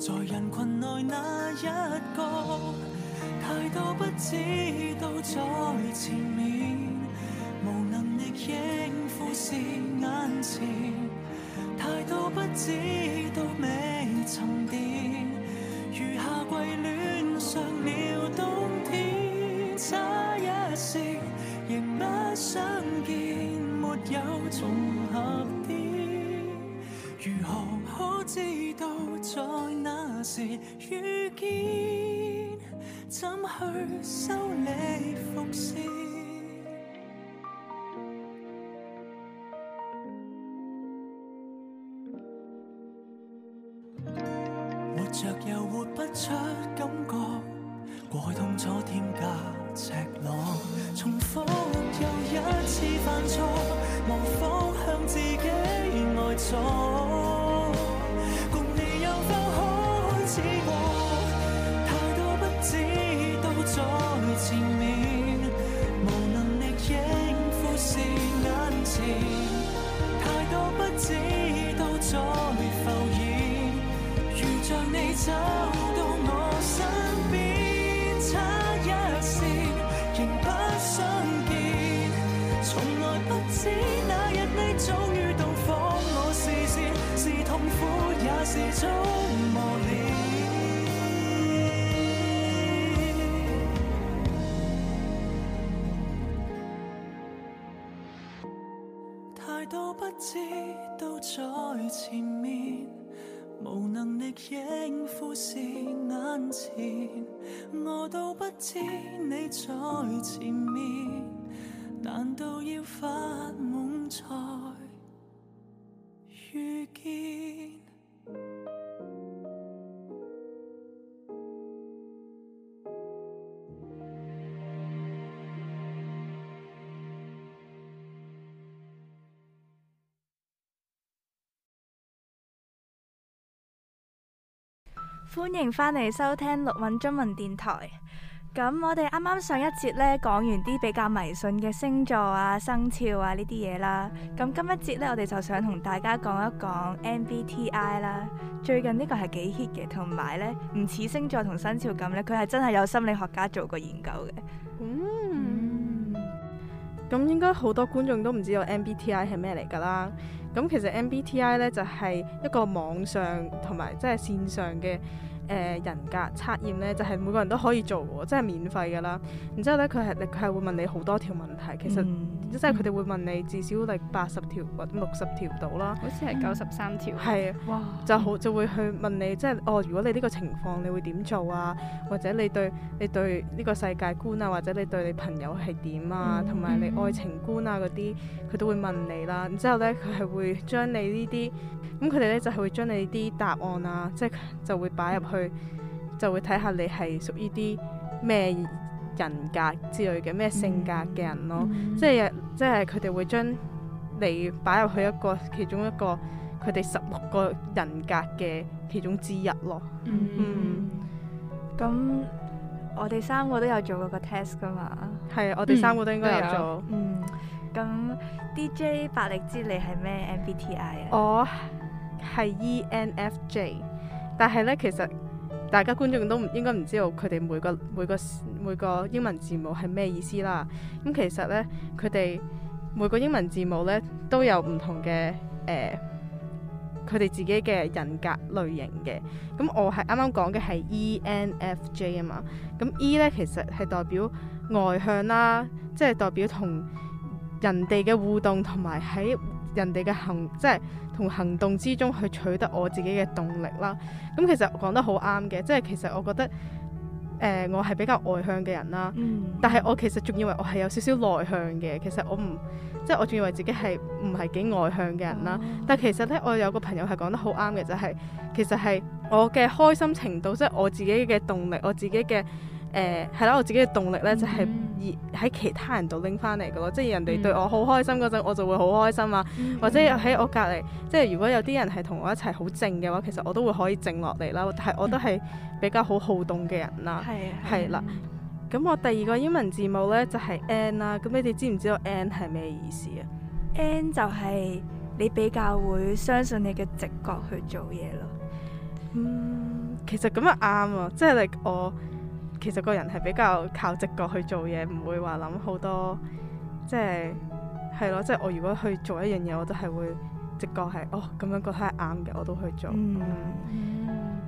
[SPEAKER 6] 在人群內，那一個，太多不知道在前面，無能力應付是眼前，太多不知道未沉澱，如夏季戀上了冬天，差一線，仍不想見，沒有重合點。如何可知道在那時遇見？怎去收你縫線？ 活着又活不出感覺，過去痛楚添加。赤裸，重複又一次犯錯，無法向自己呆坐。共你有否可開始過？太多不知道在前面，無能力應付是眼前，太多不知道在浮現，如著你走。只那日你終於到訪我視線，是痛苦也是種磨練， 太多不知都在前面，無能力應付是眼前，我都不知你在前面。難道要發夢才遇見？
[SPEAKER 1] 歡迎返嚟收聽綠韻中文電台。咁我哋啱啱上一節咧講完啲比較迷信嘅星座啊、生肖啊呢啲嘢啦，咁今一節呢，我哋就想同大家講一講 MBTI 啦，最近呢個係幾 hit 嘅，同埋呢唔似星座同生肖咁呢，佢係真係有
[SPEAKER 3] 心理學家做過研究嘅。
[SPEAKER 7] 嗯，
[SPEAKER 3] 咁、嗯、應該好多觀眾都唔知道 MBTI 係咩嚟噶啦，咁其實 MBTI 呢就係、是、一個網上同埋即係線上嘅。誒、呃、人格測驗咧，就係、是、每個人都可以做喎，即係免費㗎啦。然之後咧，佢係佢係會問你好多條問題，其實、嗯、即係佢哋會問你至少嚟八十條或者六十條到啦。好似係九十三條。係啊是！哇！就好就會去問你，即係哦，如果你呢個情況，你會點做啊？或者你對你對呢個世界觀啊，或者你對你朋友係點啊？同埋、嗯、你愛情觀啊嗰啲，佢、嗯、都會問你啦。然之後咧，佢係會將你、嗯、呢啲咁，佢哋咧就係會將你啲答案啊，即係就會擺入去、嗯。就會睇下你係屬於啲咩人格之類嘅咩、嗯、性格嘅人咯，嗯、即係即係佢哋會將你擺入去一個其中一個佢哋十六個人格嘅其中之一咯。嗯，
[SPEAKER 1] 咁我哋三個都有做過個 test 噶嘛？係、嗯，我哋三個都應該有做、嗯。咁 D J，百力滋你係咩 MBTI 啊？
[SPEAKER 3] 我係 ENFJ，但係呢其實。大家觀眾都唔應該唔知道佢哋每個每個每個英文字母係咩意思啦。咁其實呢，佢哋每個英文字母呢都有唔同嘅誒，佢哋自己嘅人格類型嘅。咁我係啱啱講嘅係 E N F J 啊嘛。咁 E 呢，其實係代表外向啦，即係代表同人哋嘅互動同埋喺人哋嘅行即係同行動之中去取得我自己嘅動力啦。咁其實講得好啱嘅，即係其實我覺得，誒、呃、我係比較外向嘅人啦。嗯、但係我其實仲以為我係有少少內向嘅，其實我唔即係我仲以為自己係唔係幾外向嘅人啦。哦、但其實咧，我有個朋友係講得好啱嘅，就係、是、其實係我嘅開心程度，即、就、係、是、我自己嘅動力，我自己嘅誒係啦，我自己嘅動力咧、嗯、就係、是。喺其他人度拎翻嚟㗎咯，即係人哋對我好開心嗰陣，嗯、我就會好開心啊。嗯、或者喺我隔離，嗯、即係如果有啲人係同我一齊好靜嘅話，其實我都會可以靜落嚟啦。但係、嗯、我都係比較好好動嘅人啦。係啊，係啦。咁我第二個英文字母呢，就係、是、N 啦、啊。咁你哋知唔知道 N 係咩意思啊？N 就係你比較會相信你嘅直覺去做嘢咯。嗯，其實咁又啱啊，即係你我。其實個人係比較靠直覺去做嘢，唔會話諗好多，即係係咯，即係我如果去做一樣嘢，我都係會直覺係哦咁樣覺得係啱嘅，我都去做。咁、嗯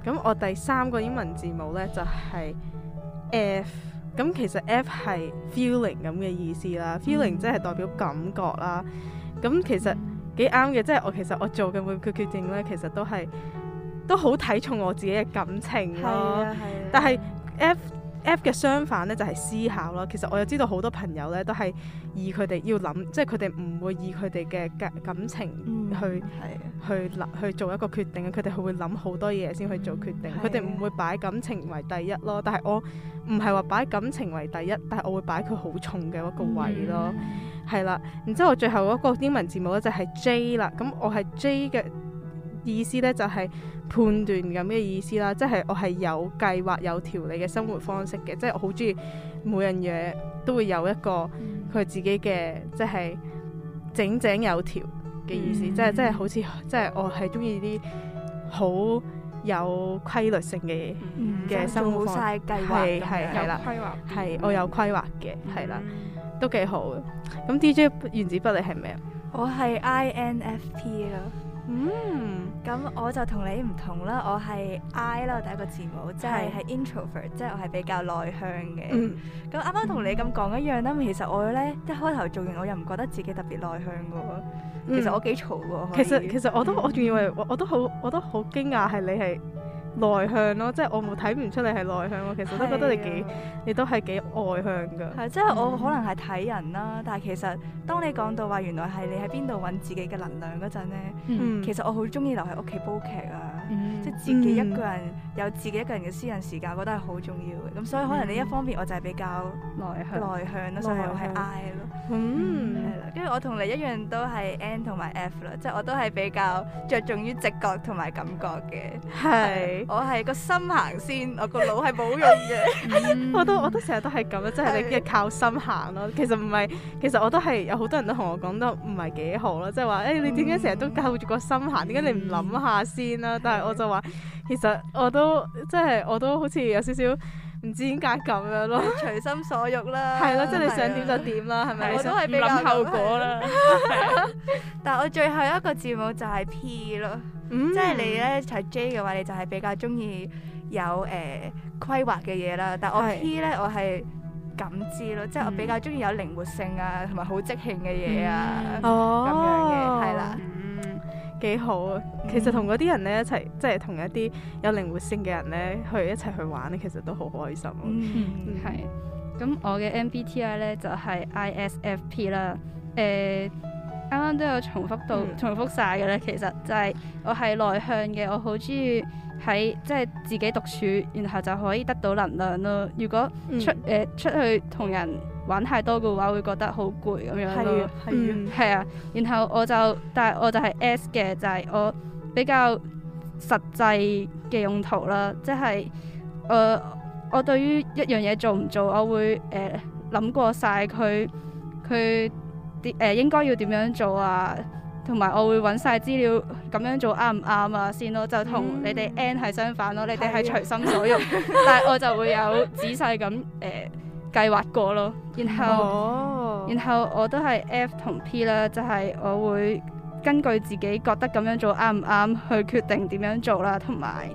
[SPEAKER 3] 嗯、我第三個英文字母呢，就係、是、F，咁其實 F 係 feeling 咁嘅意思啦、嗯、feeling 即係代表感覺啦。咁其實幾啱嘅，即、就、係、是、我其實我做嘅每一個決定呢，其實都係都好睇重我自己嘅感情咯。啊啊、但係 F。F 嘅相反呢，就係、是、思考咯，其實我又知道好多朋友呢都係以佢哋要諗，即係佢哋唔會以佢哋嘅感情去、嗯、去去做一個決定，佢哋會諗好多嘢先去做決定，佢哋唔會擺感情為第一咯。但係我唔係話擺感情為第一，但係我會擺佢好重嘅、嗯、嗰個位咯，係啦。然之後最後嗰個英文字母呢，就係 J 啦，咁我係 J 嘅。意思咧就係、是、判斷咁嘅意思啦，即、就、係、是、我係有計劃、有條理嘅生活方式嘅，即係我好中意每樣嘢都會有一個佢自己嘅，即、就、係、是、整整有條嘅意思，嗯、即係即係好似即係我係中意啲好有規律性嘅嘅、嗯、生活方式，係係係啦，係我有規劃嘅，係啦，嗯嗯、都幾好嘅。咁 D J 原子筆你係咩啊？我係 I
[SPEAKER 1] N F P 啦。嗯，咁我就同你唔同啦，我係 I 啦，第一個字母，嗯、即係係 introvert，即係我係比較內向嘅。咁啱啱同你咁講一樣啦，嗯、其實我咧一開頭做完我又唔覺得自己
[SPEAKER 3] 特別內向嘅、嗯，其實我
[SPEAKER 1] 幾嘈嘅。其實
[SPEAKER 3] 其實我都我仲以為我都好我都好驚訝係你係。內向咯，即係我冇睇唔出你係內向咯，其實我都覺得你幾，啊、你都係幾外向㗎。係，即係、嗯、我可
[SPEAKER 1] 能係睇人啦，但係其實當你講到話原來係你喺邊度揾自己嘅能量嗰陣呢，嗯、其實我好中意留喺屋企煲劇啊，嗯、即係自己一個人、嗯、有自己一個人嘅私人時間，我覺得係好重要嘅。咁所以可能呢一方面我就係比較內向內向咯，所以我係 I 咯。嗯、嗯，係
[SPEAKER 7] 啦，
[SPEAKER 1] 跟住我同你一樣都係 N 同埋 F 啦，即係我都係比較着重於直覺同埋感覺嘅。係。
[SPEAKER 3] 我係個心行先，我個腦係冇用嘅、 嗯。 我都我都成日都係咁，即係你一靠心行咯。其實唔係，其實我都係有好多人都同我講得唔係幾好咯，即係話誒，你點解成日都靠住個心行？點解、嗯、你唔諗下先啦、啊？但係我就話，的其實我都即係我都好似有少少唔知點解咁樣咯。隨
[SPEAKER 1] 心所欲啦，係咯，即係你想點
[SPEAKER 3] 就點啦，係咪？唔諗後果啦。
[SPEAKER 1] 但係我最後一個字母就係 P 咯。嗯、即係你咧就係 J 嘅話，你就係比較中意有誒規劃嘅嘢啦。但係我 P 咧，是我係感知咯，嗯、即係我比較中意有靈活性啊，同埋好即興嘅嘢啊，咁、嗯、樣嘅係、哦、啦。嗯，
[SPEAKER 3] 幾好啊！其實同嗰啲人咧一齊，即係同一啲有靈活性嘅人咧，去一齊去玩咧，其實都好開心。嗯，係。咁我嘅 MBTI 咧就係、是、ISFP 啦。誒、
[SPEAKER 4] 呃。啱啱都有重複到重複晒嘅咧，其實就係我係內向嘅，我好中意喺即係自己獨處，然後就可以得到能量咯。如果出誒、嗯呃、出去同人玩太多嘅話，會覺得好攰咁樣咯。係啊、嗯，然後我就但係我就係 S 嘅，就係、是、我比較實際嘅用途啦，即係誒、呃、我對於一樣嘢做唔做，我會誒諗、呃、過晒佢佢。啲誒應該要點樣做啊，同埋我會揾晒資料，咁樣做啱唔啱啊先咯，就同你哋 N 係相反咯，你哋係隨心所欲。是的 但係我就會有仔細咁誒、 呃、計劃過咯，然後、oh，然後我都係 F 同 P 啦，就係、是、我會根據自己覺得咁樣做啱唔啱去決定點樣做啦，同埋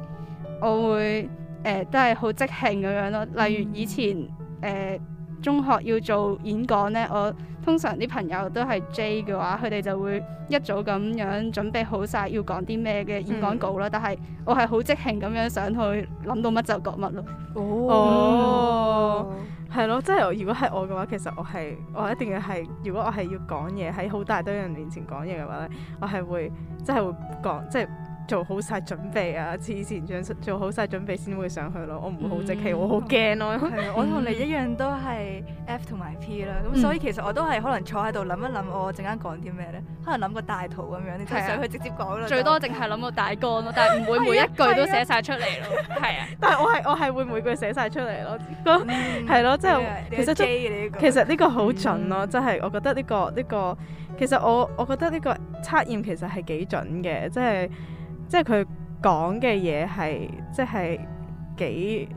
[SPEAKER 4] 我會誒、呃、都係好即興咁樣咯，例如以前誒、Oh、呃中學要做演講呢，我通常啲朋友都係 J 嘅話，佢哋就會一早咁樣準備好晒要講啲咩嘅演講稿啦。嗯、但係我係好即興咁樣上去諗到乜就講乜咯。
[SPEAKER 3] 哦，係咯、嗯哦，即係如果係我嘅話，其實我係我一定要係，如果我係要講嘢喺好大堆人面前講嘢嘅話咧，我係會即係會講即係。做好晒準備啊！黐線，做好晒準備先會上去咯，我唔會好即興，我好驚咯。係，我同你一
[SPEAKER 1] 樣都係 F 同埋 P 啦。咁所以
[SPEAKER 3] 其實我都係可能坐喺度諗一諗，我
[SPEAKER 1] 陣間講啲咩咧？可能諗個大圖咁樣，你睇上去直接講咯。最多淨係諗個大綱咯，但係唔會每一句都寫晒出嚟咯。係啊，
[SPEAKER 3] 但係我係我係會每句寫晒出嚟咯。係咯，即係。其實呢個其實呢個好準咯，即係我覺得呢個呢個其實我我覺得呢個測驗其實係幾準嘅，即係。即係佢講嘅嘢係，即係幾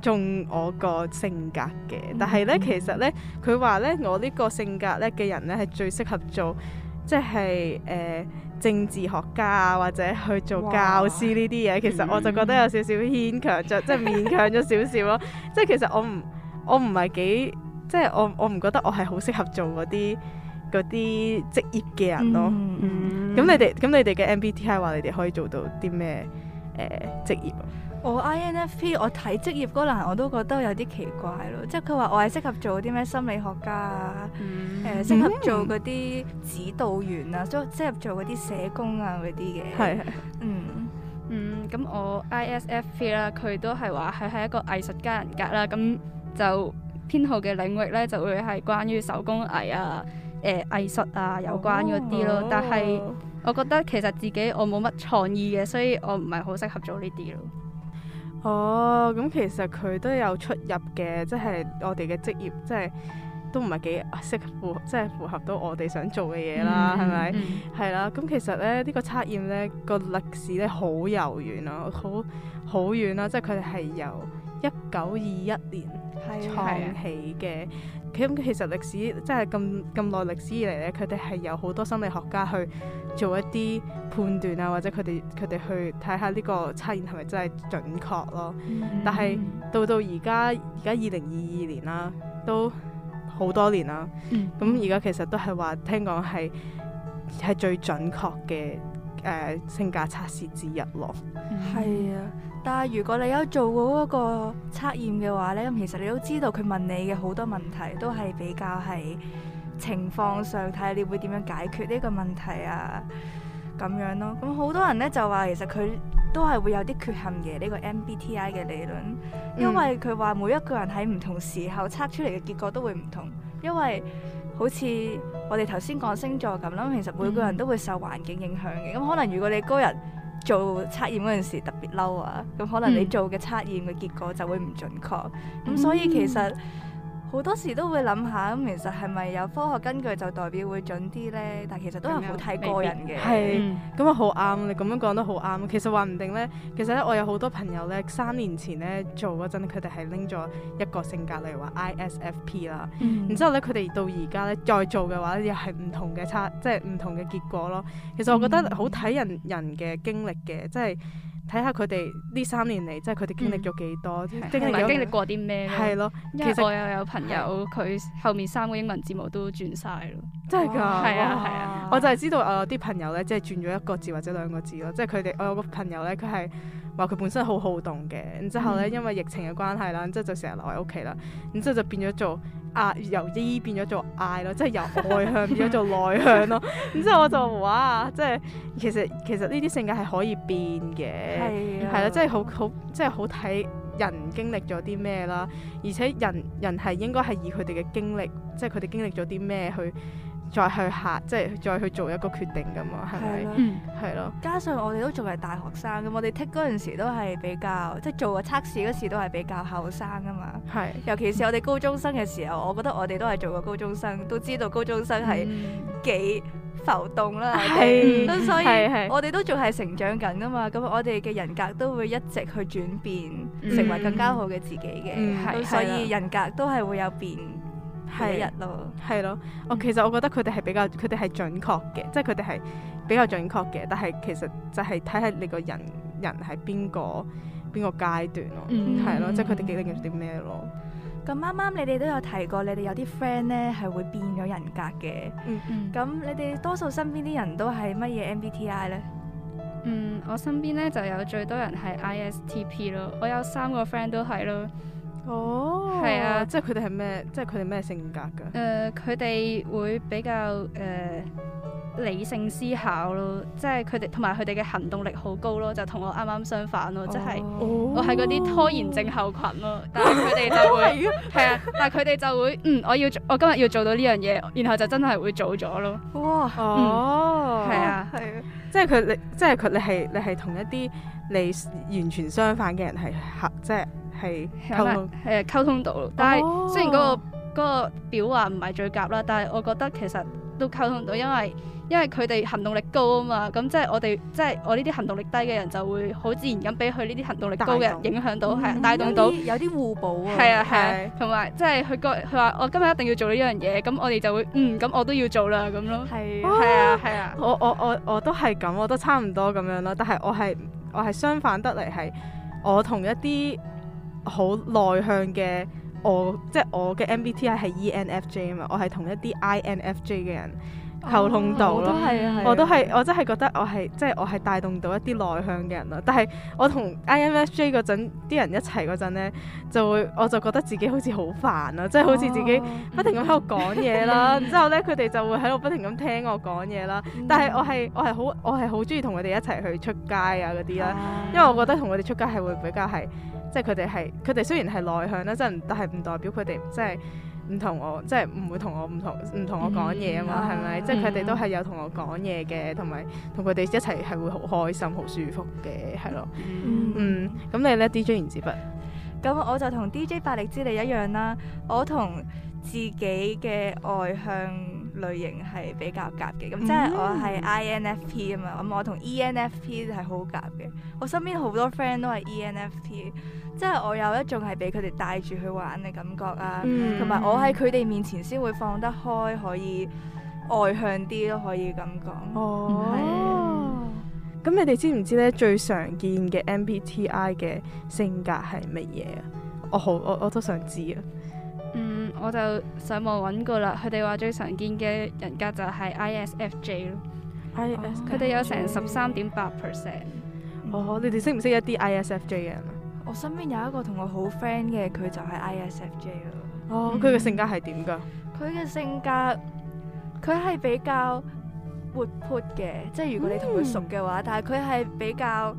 [SPEAKER 3] 中我，性、mm hmm. 我個性格嘅。但係咧，其實咧，佢話咧，我呢個性格咧嘅人咧，係最適合做即係誒、呃、政治學家啊，或者去做教師呢啲嘢。哇其實我就覺得有少少牽強，咗、mm，hmm. 即係勉強咗少少咯。 即係其實我唔，我唔係幾，即係我我唔覺得我係好適合做嗰啲。嗰啲職業嘅人咯，咁、
[SPEAKER 7] 嗯
[SPEAKER 3] 嗯、你哋咁你哋嘅 MBTI 話你哋可以做到啲咩？誒、呃、職業我
[SPEAKER 1] INFP 我睇職業嗰欄我都覺得有啲奇怪咯，即係佢話我係適合做啲咩心理學家啊，誒、嗯呃、適合做嗰啲指導員啊，都適合做嗰啲社工啊嗰啲嘅，係係，嗯嗯，
[SPEAKER 4] 咁我 ISFP 啦，佢都係話佢係一個藝術家人格啦，咁就偏好嘅領域咧就會係關於手工藝啊。誒、呃、藝術啊，有關嗰啲咯，oh。但係我覺得其實自己我冇乜創意嘅，所以我唔係好適合做
[SPEAKER 3] 呢啲咯。哦，咁其實佢都有出入嘅，即係我哋嘅職業，即係都唔係幾適合，即係符合到我哋想做嘅嘢啦，係咪？係啦，咁其實咧呢個測驗咧個歷史咧好悠遠啊，好好遠啦，即係佢哋係由一九二一年創起嘅。其實歷史即係咁咁耐歷史以嚟咧，佢哋係有好多心理學家去做一啲判斷啊，或者佢哋佢哋去睇下呢個測驗係咪真係準確咯。Mm hmm. 但係到到而家而家二零二二年啦，都好多年啦。咁而家其實都係話聽講係係最準確嘅誒、呃、性格測試之一咯。
[SPEAKER 7] 係、
[SPEAKER 1] mm hmm. 啊。但係如果你有做過嗰個測驗嘅話呢，咁其實你都知道佢問你嘅好多問題都係比較係情況上睇下你會點樣解決呢個問題啊，咁樣咯。咁好多人呢就話其實佢都係會有啲缺陷嘅，呢個 MBTI 嘅理論，因為佢話每一個人喺唔同時候測出嚟嘅結果都會唔同，因為好似我哋頭先講星座咁啦，其實每個人都會受環境影響嘅。咁可能如果你嗰日，做測驗嗰陣時特別嬲啊，咁可能你做嘅測驗嘅結果就會唔準確，咁所以其實。好多時都會諗下，咁其實係咪有科學根據就代表會準啲呢？但其實都係好睇個人嘅。係、嗯，
[SPEAKER 3] 咁啊好啱，你咁樣講都好啱。其實話唔定呢，其實咧我有好多朋友呢，三年前呢做嗰陣，佢哋係拎咗一個性格，例如話 ISFP 啦。嗯、然之後呢，佢哋到而家呢，再做嘅話呢，又係唔同嘅差，即係唔同嘅結果咯。其實我覺得好睇人、嗯、人嘅經歷嘅，即係。睇下佢哋呢三年嚟，即係佢哋經歷咗幾多，同埋經歷過啲咩？係咯，
[SPEAKER 4] 因為我又有朋友，佢後面三個英文字母都轉晒咯，
[SPEAKER 3] 真係㗎！係啊係啊，我就係知道我有啲朋友咧，即係轉咗一個字或者兩個字咯。即係佢哋，我有個朋友咧，佢係話佢本身好好動嘅，然之後咧，因為疫情嘅關係啦，然之後就成日留喺屋企啦，然之後就變咗做。啊，由 E 變咗做 I 咯，即係，就是，由外向變咗做內向咯。咁之後我就哇，即係、 嗯、其實其實呢啲性格係可以變嘅。係啦，即係好好即係好睇人經歷咗啲咩啦。而且人人係應該係以佢哋嘅經歷，即係佢哋經歷咗啲咩去。再去下，即係再去做一個決定噶嘛，係咪吧？係咯。加上我哋都仲係大學生，咁我
[SPEAKER 1] 哋剔嗰陣時都係比較，即係做個測試嗰時都係比較後生噶嘛。係。係尤其是我哋高中生嘅時候，我覺得我哋都係做過高中生，都知道高中生係幾浮動啦。係。咁所以，我哋都仲係成長緊噶嘛。咁我哋嘅人格都會一直去轉變，嗯、成為更加好嘅自己嘅、嗯。嗯，係。所以人
[SPEAKER 3] 格都係會有變。係咯，係咯。嗯、我其實我覺得佢哋係比較，佢哋係準確嘅，即係佢哋係比較準確嘅。但係其實就係睇下你人人個人人係邊個邊個階段咯，係咯，即係佢哋經歷緊啲咩咯。
[SPEAKER 1] 咁啱啱你哋都有提過，你哋有啲 friend 咧係會變咗人格嘅。咁、嗯嗯、你哋多數身邊啲人都係乜嘢 MBTI 呢？嗯，我身邊咧就有
[SPEAKER 4] 最多人係 ISTP 咯，我有三個 friend 都係咯。哦，係啊，即
[SPEAKER 3] 係佢哋係咩？即係佢哋咩性格噶？誒，佢哋會比較誒
[SPEAKER 4] 理性思考咯，即係佢哋同埋佢哋嘅行動力好高咯，就同我啱啱相反咯，即係我係嗰啲拖延症候群咯。但係佢哋就會係啊，但係佢哋就會嗯，我要我今日要做到呢樣嘢，然後就真係會做咗咯。
[SPEAKER 1] 哇，哦，係啊，
[SPEAKER 3] 係啊，即係佢你，即係佢你係你係同一啲你完全相反嘅人係合，即係。係溝通到，但係雖然嗰、嗰
[SPEAKER 4] 個 oh. 個表話唔係最夾啦，但係我覺得其實都溝通到，因為因為佢哋行動力高啊嘛，咁即係我哋即係我呢啲行動力低嘅人就會好自然咁俾佢呢啲行動力高嘅人影響到，係帶動到有啲
[SPEAKER 1] 互補喎。係啊係啊，
[SPEAKER 4] 同埋即係佢個佢話我今日一定要做呢樣嘢，咁我哋就會嗯，咁我都要做啦咁咯。係，
[SPEAKER 7] 係
[SPEAKER 3] 啊係啊，我我我我都係咁，我都差唔多咁樣咯。但係我係我係相反得嚟，係我同一啲。好內向嘅我，即係我嘅 MBTI 係 ENFJ 啊嘛，我係同一啲 INFJ 嘅人。溝通到咯，哦、我，我都係，我真係覺得我係，即、就、係、是、我係帶動到一啲內向嘅人咯。但係我同 INFJ 陣啲人一齊嗰陣咧，就會我就覺得自己好似、就是、好煩啊，即係好似自己不停咁喺度講嘢啦。哦嗯、 之後呢，佢哋就會喺度不停咁聽我講嘢啦。嗯、但係我係我係好我係好中意同佢哋一齊去出街啊嗰啲啦，啊、因為我覺得同佢哋出街係會比較係，即係佢哋係佢哋雖然係內向啦，真但係唔代表佢哋即係。就是唔同我，即係唔會同我唔同唔同我講嘢啊嘛，係咪、嗯？吧即係佢哋都係有同我講嘢嘅，同埋同佢哋一齊係會好開心、好舒服嘅，係咯。嗯，咁、嗯嗯、你呢 DJ 原子筆？
[SPEAKER 1] 咁我就同 DJ 百力滋一樣啦，我同自己嘅外向。類型係比較夾嘅，咁即係我係 INFP 啊嘛，咁、mm hmm. 我同 ENFP 係好夾嘅。我身邊好多 friend 都係 ENFP，即係我有一種係俾佢哋帶住去玩嘅感覺啊，同埋、mm hmm. 我喺佢哋面前先會放得開，可以外向啲咯，可以咁講。哦，
[SPEAKER 3] 咁你哋知唔知咧最常見嘅 MBTI 嘅性格係乜嘢啊？我好，我我都想知啊。
[SPEAKER 4] 嗯，我就上網揾過啦，佢哋話最常見嘅人格就係
[SPEAKER 1] ISFJ 咯 ISF 佢哋 F、oh,
[SPEAKER 4] 有成十三點八 percent。哦，oh, 你哋
[SPEAKER 3] 識唔識一啲 ISFJ 人啊？
[SPEAKER 1] 我身邊有一個同我好 friend 嘅，佢就係 ISFJ 咯。
[SPEAKER 3] 哦、oh, 嗯，佢嘅性格係點㗎？佢
[SPEAKER 1] 嘅性格，佢係比較活潑嘅，嗯、即係如果你同佢熟嘅話，但係佢係比較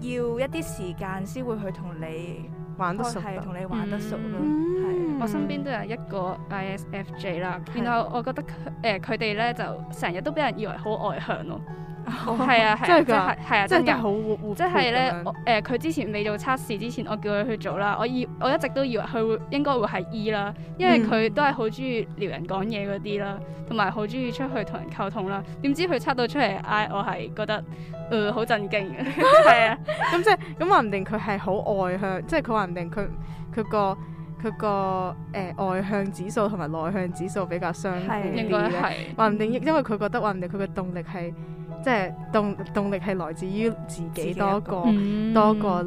[SPEAKER 1] 要一啲時間先會去同你。玩得熟、哦，係同你玩得熟咯、嗯。
[SPEAKER 3] 是我身
[SPEAKER 7] 邊
[SPEAKER 1] 都有一個 ISFJ 啦，嗯、然後我覺得誒佢哋咧就
[SPEAKER 4] 成日都俾人以為好外向咯。係、oh，啊，真係噶，係啊，真係好活潑，即係咧，誒佢之前未做測試之前，我叫佢去做啦。我以我一直都以為佢會應該會係 E 啦，因為佢都係好中意撩人講嘢嗰啲啦，同埋好中意出去同人溝通啦。點知佢測到出嚟，唉，I，我係覺得，嗯、呃，好震驚嘅。係
[SPEAKER 3] 啊，咁即係，咁話唔定佢係好外向，即係佢話唔定佢佢個、佢個、誒、呃、外向指數同埋內向指數比較相似啲嘅。應該係。話唔定因為佢覺得話唔定佢個動力係。即係動動力係來自於自己多過多過，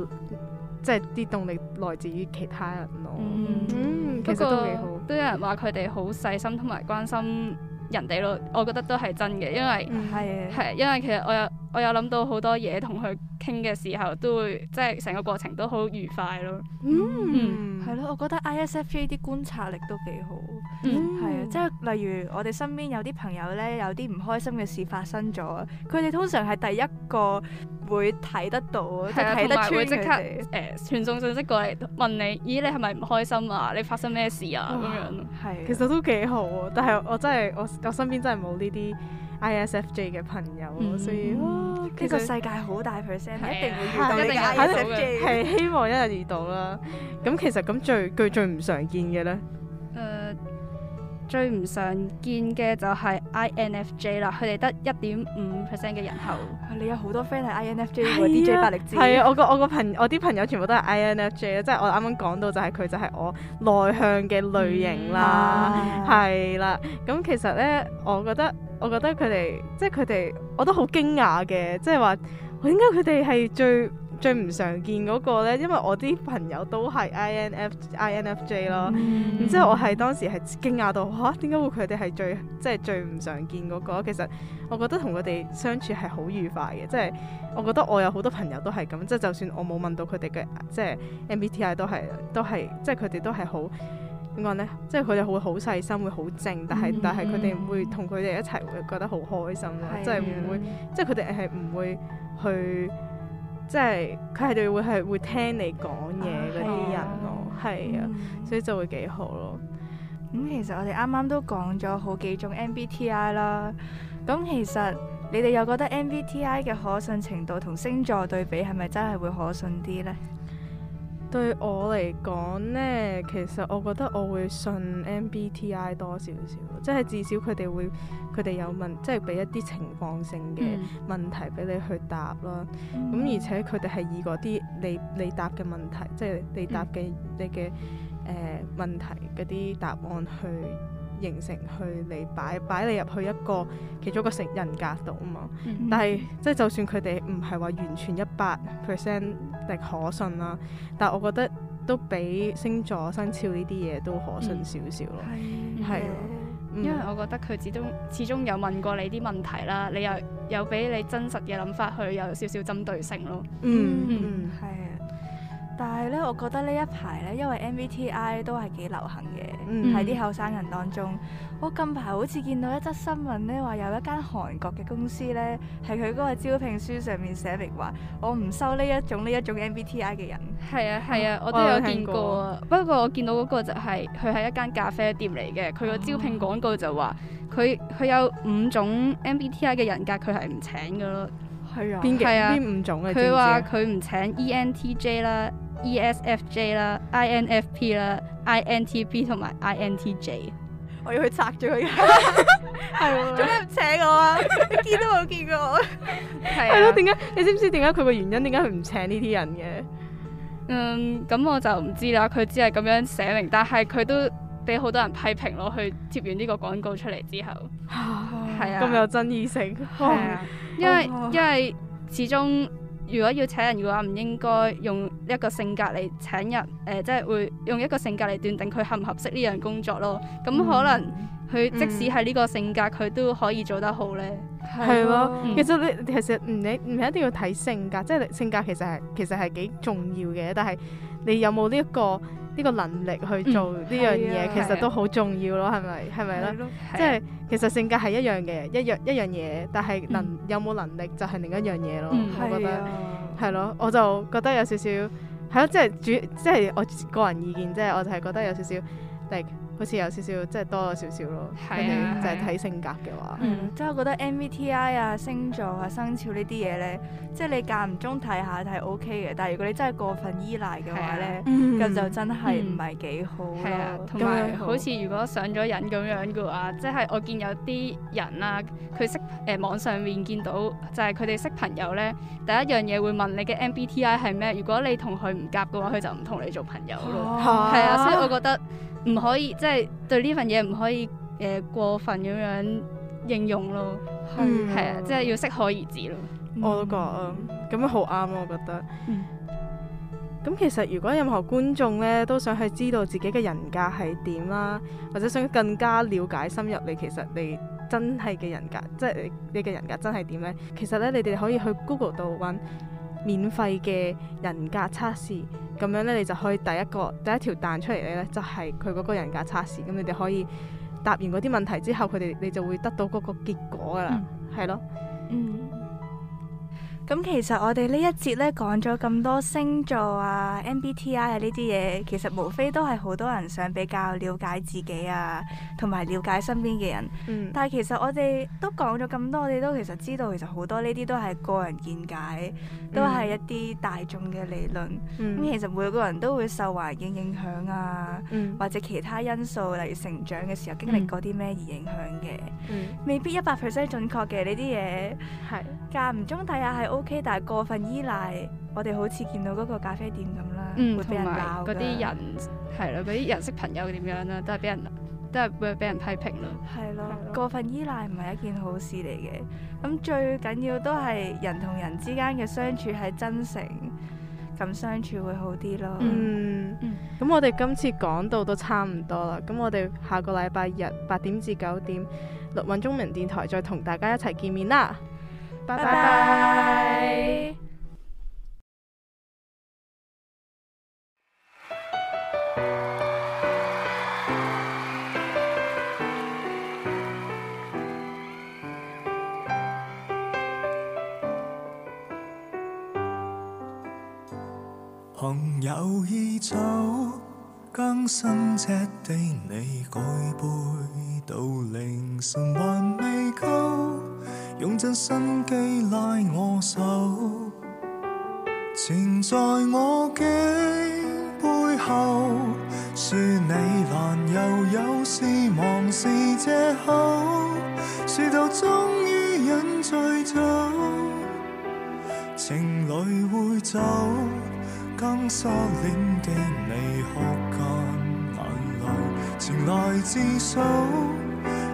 [SPEAKER 3] 即係啲動力來自於其他人咯。
[SPEAKER 4] 嗯、其實都幾好，都有人話佢哋好細心同埋關心人哋咯。我覺得都係真嘅，因為係係、嗯、因為其實我有。我有諗到好多嘢，同佢傾嘅時候都會，即係成個過程都好愉快咯。嗯，
[SPEAKER 1] 係咯、嗯，我覺得 ISFJ 啲觀察力都幾好。嗯，係啊，即係例如我哋身邊有啲朋友咧，有啲唔開心嘅事發生咗，佢哋通常係第一個會睇得到，即係睇得出佢哋，誒即刻、呃、
[SPEAKER 4] 傳送信息過嚟問你，咦你係咪唔開心啊？你發生
[SPEAKER 3] 咩事啊？咁樣，係，其實都幾好啊。但係我真係我真我身邊真係冇呢啲。ISFJ 嘅朋友，嗯、所以呢實個世界好大 percent，對一定會遇到 ISFJ 嘅，係希望一日遇到啦。咁 其實咁最佢最唔常見嘅咧，
[SPEAKER 1] 誒、呃。
[SPEAKER 4] 最唔常見嘅就係 INFJ 啦，佢哋得一點五 percent 嘅人口。啊、你有好多 friend 係 INFJ 喎，D J 百、啊啊、力滋。係啊，我
[SPEAKER 3] 個我個朋友，我啲朋友全部都係 INFJ 啊。即係我啱啱講到就係、是、佢就係我內向嘅類型啦，係啦、嗯。咁、啊啊、其實咧，我覺得我覺得佢哋即係佢哋，我都好驚訝嘅，即係話，我點解佢哋係最最唔常見嗰個呢，因為我啲朋友都係 IN INF INFJ 咯。然之後我係當時係驚訝到，哇、啊！點解會佢哋係最即係最唔常見嗰、那個？其實我覺得同佢哋相處係好愉快嘅，即係我覺得我有好多朋友都係咁，即係就算我冇問到佢哋嘅即係 MBTI 都係都係，即係佢哋都係好，點講呢？即係佢哋會好細心，會好靜，但係、mm. 但係佢哋會同佢哋一齊會覺得好開心咯，mm. 即係唔會，mm. 即係佢哋係唔會去。即係佢係哋會係會聽你講嘢嗰啲人咯，係啊，所以就會幾好咯。咁、
[SPEAKER 1] 嗯、其實我哋啱啱都講咗好幾種 MBTI 啦。咁其實你哋又覺得 MBTI 嘅可信程度同星座對比係咪真
[SPEAKER 3] 係會可信啲呢？對我嚟講咧，其實我覺得我會信 MBTI 多少少，即係至少佢哋會佢哋有問，即係俾一啲情況性嘅問題俾你去答啦。咁、嗯、而且佢哋係以嗰啲你你答嘅問題，即係你，你答嘅、嗯、你嘅誒、呃、問題嗰啲答案去，形成去你擺擺你入去一個其中一個成人格度啊嘛，mm hmm. 但係即係就算佢哋唔係話完全一百 percent 力可信啦，但係我覺得都比星座生肖呢啲嘢都可信少少咯，係，因為
[SPEAKER 4] 我覺得佢始終始終有問過你啲問題啦，你又又俾你真實嘅諗法去，又有少少針對性咯，嗯，係。
[SPEAKER 1] 但係咧，我覺得呢一排咧，因為 MBTI 都係幾流行嘅，喺啲後生人當中。我近排好似見到一則新聞咧，話有一間韓國嘅公司咧，係佢嗰個招聘書上面寫明話，我唔收呢一種呢一種 MBTI 嘅人。
[SPEAKER 4] 係啊係啊，我都有見過。啊、過不過我見到嗰個就係佢係一間咖啡店嚟嘅，佢個招聘廣告就話佢佢有五種 MBTI 嘅人格，佢係唔請噶咯。係啊，係幾啊，邊五種啊？佢話佢唔請 E N T J 啦、E S, F J 啦、I N F P 啦、I N T P 同埋 I N T J。
[SPEAKER 1] 我要去拆咗佢。
[SPEAKER 3] 係喎，做咩唔請
[SPEAKER 1] 我啊？你 見
[SPEAKER 3] 都冇見過我。係 咯、啊，點解？你知唔知點解佢個原因？點解佢唔請呢啲人嘅？嗯，
[SPEAKER 4] 咁我就唔知啦。佢只係咁樣寫明，但係佢都。俾好多人批評咯，去貼完呢個廣告出嚟之後，
[SPEAKER 7] 係 啊，咁有
[SPEAKER 3] 爭議性，係啊，因為
[SPEAKER 4] 因為始終如果要請人嘅話，唔應該用一個性格嚟請人，誒、呃，即係會用一個性格嚟斷定佢合唔合適呢樣工作咯。咁可能佢即使係呢個性格，佢都可以做得好
[SPEAKER 1] 咧。
[SPEAKER 3] 係咯，其實你，其實唔你唔係一定要睇性格，即係性格其實係其實係幾重要嘅。但係你有冇呢一個？呢個能力去做呢樣嘢，其實都好重要咯，係咪？係咪咧？即係其實性格係一樣嘅，一樣一樣嘢，但係能有冇能力就係另一樣嘢咯。我覺得係咯，我就覺得有少少係咯，即係主即係我個人意見，即係我就係覺得有少少，好似有少少，即係多咗少少咯。係就係睇性格嘅話，即係、啊啊嗯、我
[SPEAKER 1] 覺得 MBTI 啊、星座啊、生肖、啊、呢啲嘢咧，即係你間唔中睇下，係 OK 嘅。但係如果你真係過分依賴嘅話咧，咁、啊、就真係唔係幾好咯。同埋、
[SPEAKER 4] 嗯啊、好似如果上咗癮咁樣嘅話，即、就、係、是、我見有啲人啦、啊，佢識誒、呃、網上面見到，就係佢哋識朋友咧，第一樣嘢會問你嘅 MBTI 係咩？如果你同佢唔夾嘅話，佢就唔同你做朋友咯。係哇啊，所以我覺得。唔可以即係、就是、對呢份嘢唔可以誒、呃、過分咁樣應用咯，
[SPEAKER 3] 係啊、嗯，即係要適可而止咯。我都覺啊，咁、嗯、樣好啱啊，我覺得。咁、嗯、其實如果任何觀眾呢，都想去知道自己嘅人格係點啦，或者想更加了解深入你其實你真係嘅人格，即、就、係、是、你嘅人格真係點呢？其實呢，你哋可以去 Google 度揾，免費嘅人格測試，咁樣呢，你就可以第一個第一條彈出嚟呢，就係佢嗰個人格測試。咁你哋可以答完嗰啲問題之後，佢哋你就會得到嗰個結果噶啦，係、嗯、咯。嗯咁其實我哋呢一節咧講咗
[SPEAKER 1] 咁多星座啊、MBTI 啊呢啲嘢，其實無非都係好多人想比較了解自己啊，同埋了解身邊嘅人。嗯。但係其實我哋都講咗咁多，我哋都其實知道，其實好多呢啲都係個人見解，都係一啲大眾嘅理論。嗯。咁其實每個人都會受環境影響啊，或者其他因素，例如成長嘅時候經歷過啲咩而影響嘅。嗯。未必一百 percent 準確嘅呢啲嘢。係間唔中睇下係。O、okay, K，但係過分依賴，我哋好似見到嗰個咖啡店咁啦，嗯、會俾人鬧。嗰啲人
[SPEAKER 4] 係啦，嗰啲人識朋友點
[SPEAKER 1] 樣啦，都係俾人都係會俾人批評咯。係咯的，的過分依賴唔係一件好事嚟嘅。咁最緊要都係人同人之間嘅相處係真誠咁相處會好啲咯嗯。嗯，
[SPEAKER 3] 咁我哋今次講到都差唔多啦。咁我哋下個禮拜日八點至九點，綠韻中文電台再同大家一齊見面啦。拜
[SPEAKER 5] 拜 Bye 朋友已走，更新隻的你舉杯到凌晨還未夠。用盡心機拉我手，纏在我頸背後，説你男友有，有事，忙是藉口，説到終於飲醉酒，情侶會走，剛失戀的你哭乾眼淚，前來自首。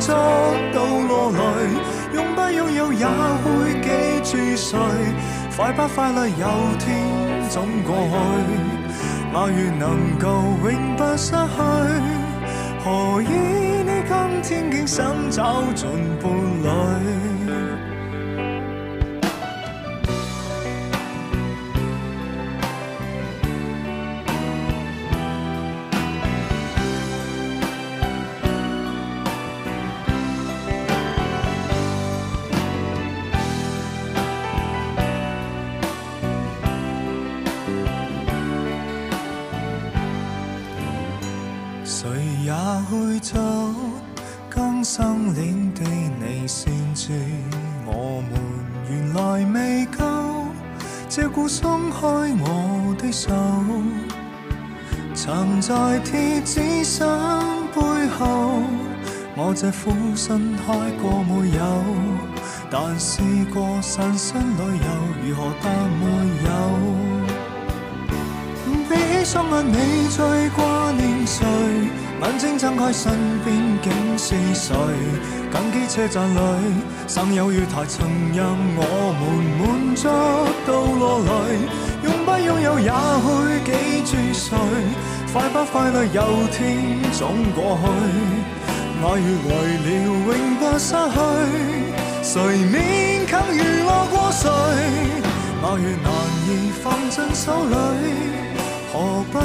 [SPEAKER 5] 作到落淚，擁不擁有也會記住誰，快不快樂有天總過去，哪願能夠永不失去？何以你今天竟想找盡伴侶？還未夠，照顧鬆開我的手，曾在貼紙相背後，我這苦心開過沒有？但試過散心旅遊，如何答沒有？閉 起雙眼，你最掛念誰？眼睛睜開，身邊竟是誰？緊急車站裡，尚有月台曾讓我們滿足到落淚，擁不擁有也會記住誰，快不快樂有天總過去。愛若為了永不失去，誰勉強娛樂過誰？愛若難以放進手裡，何不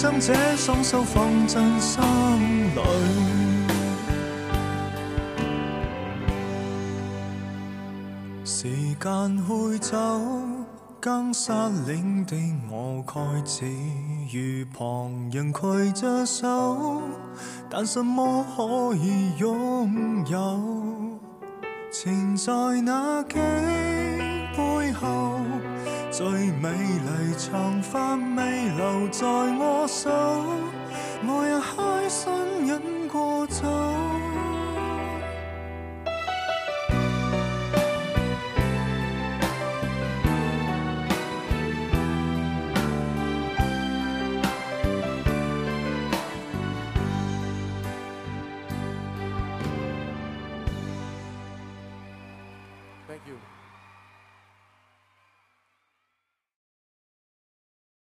[SPEAKER 5] 將這雙手放進心裡？時間會走，剛失戀的我開始與旁人攜着手，但什麼可以擁有？纏在那頸背後，最美麗長髮未留在我手，我也開心飲過酒。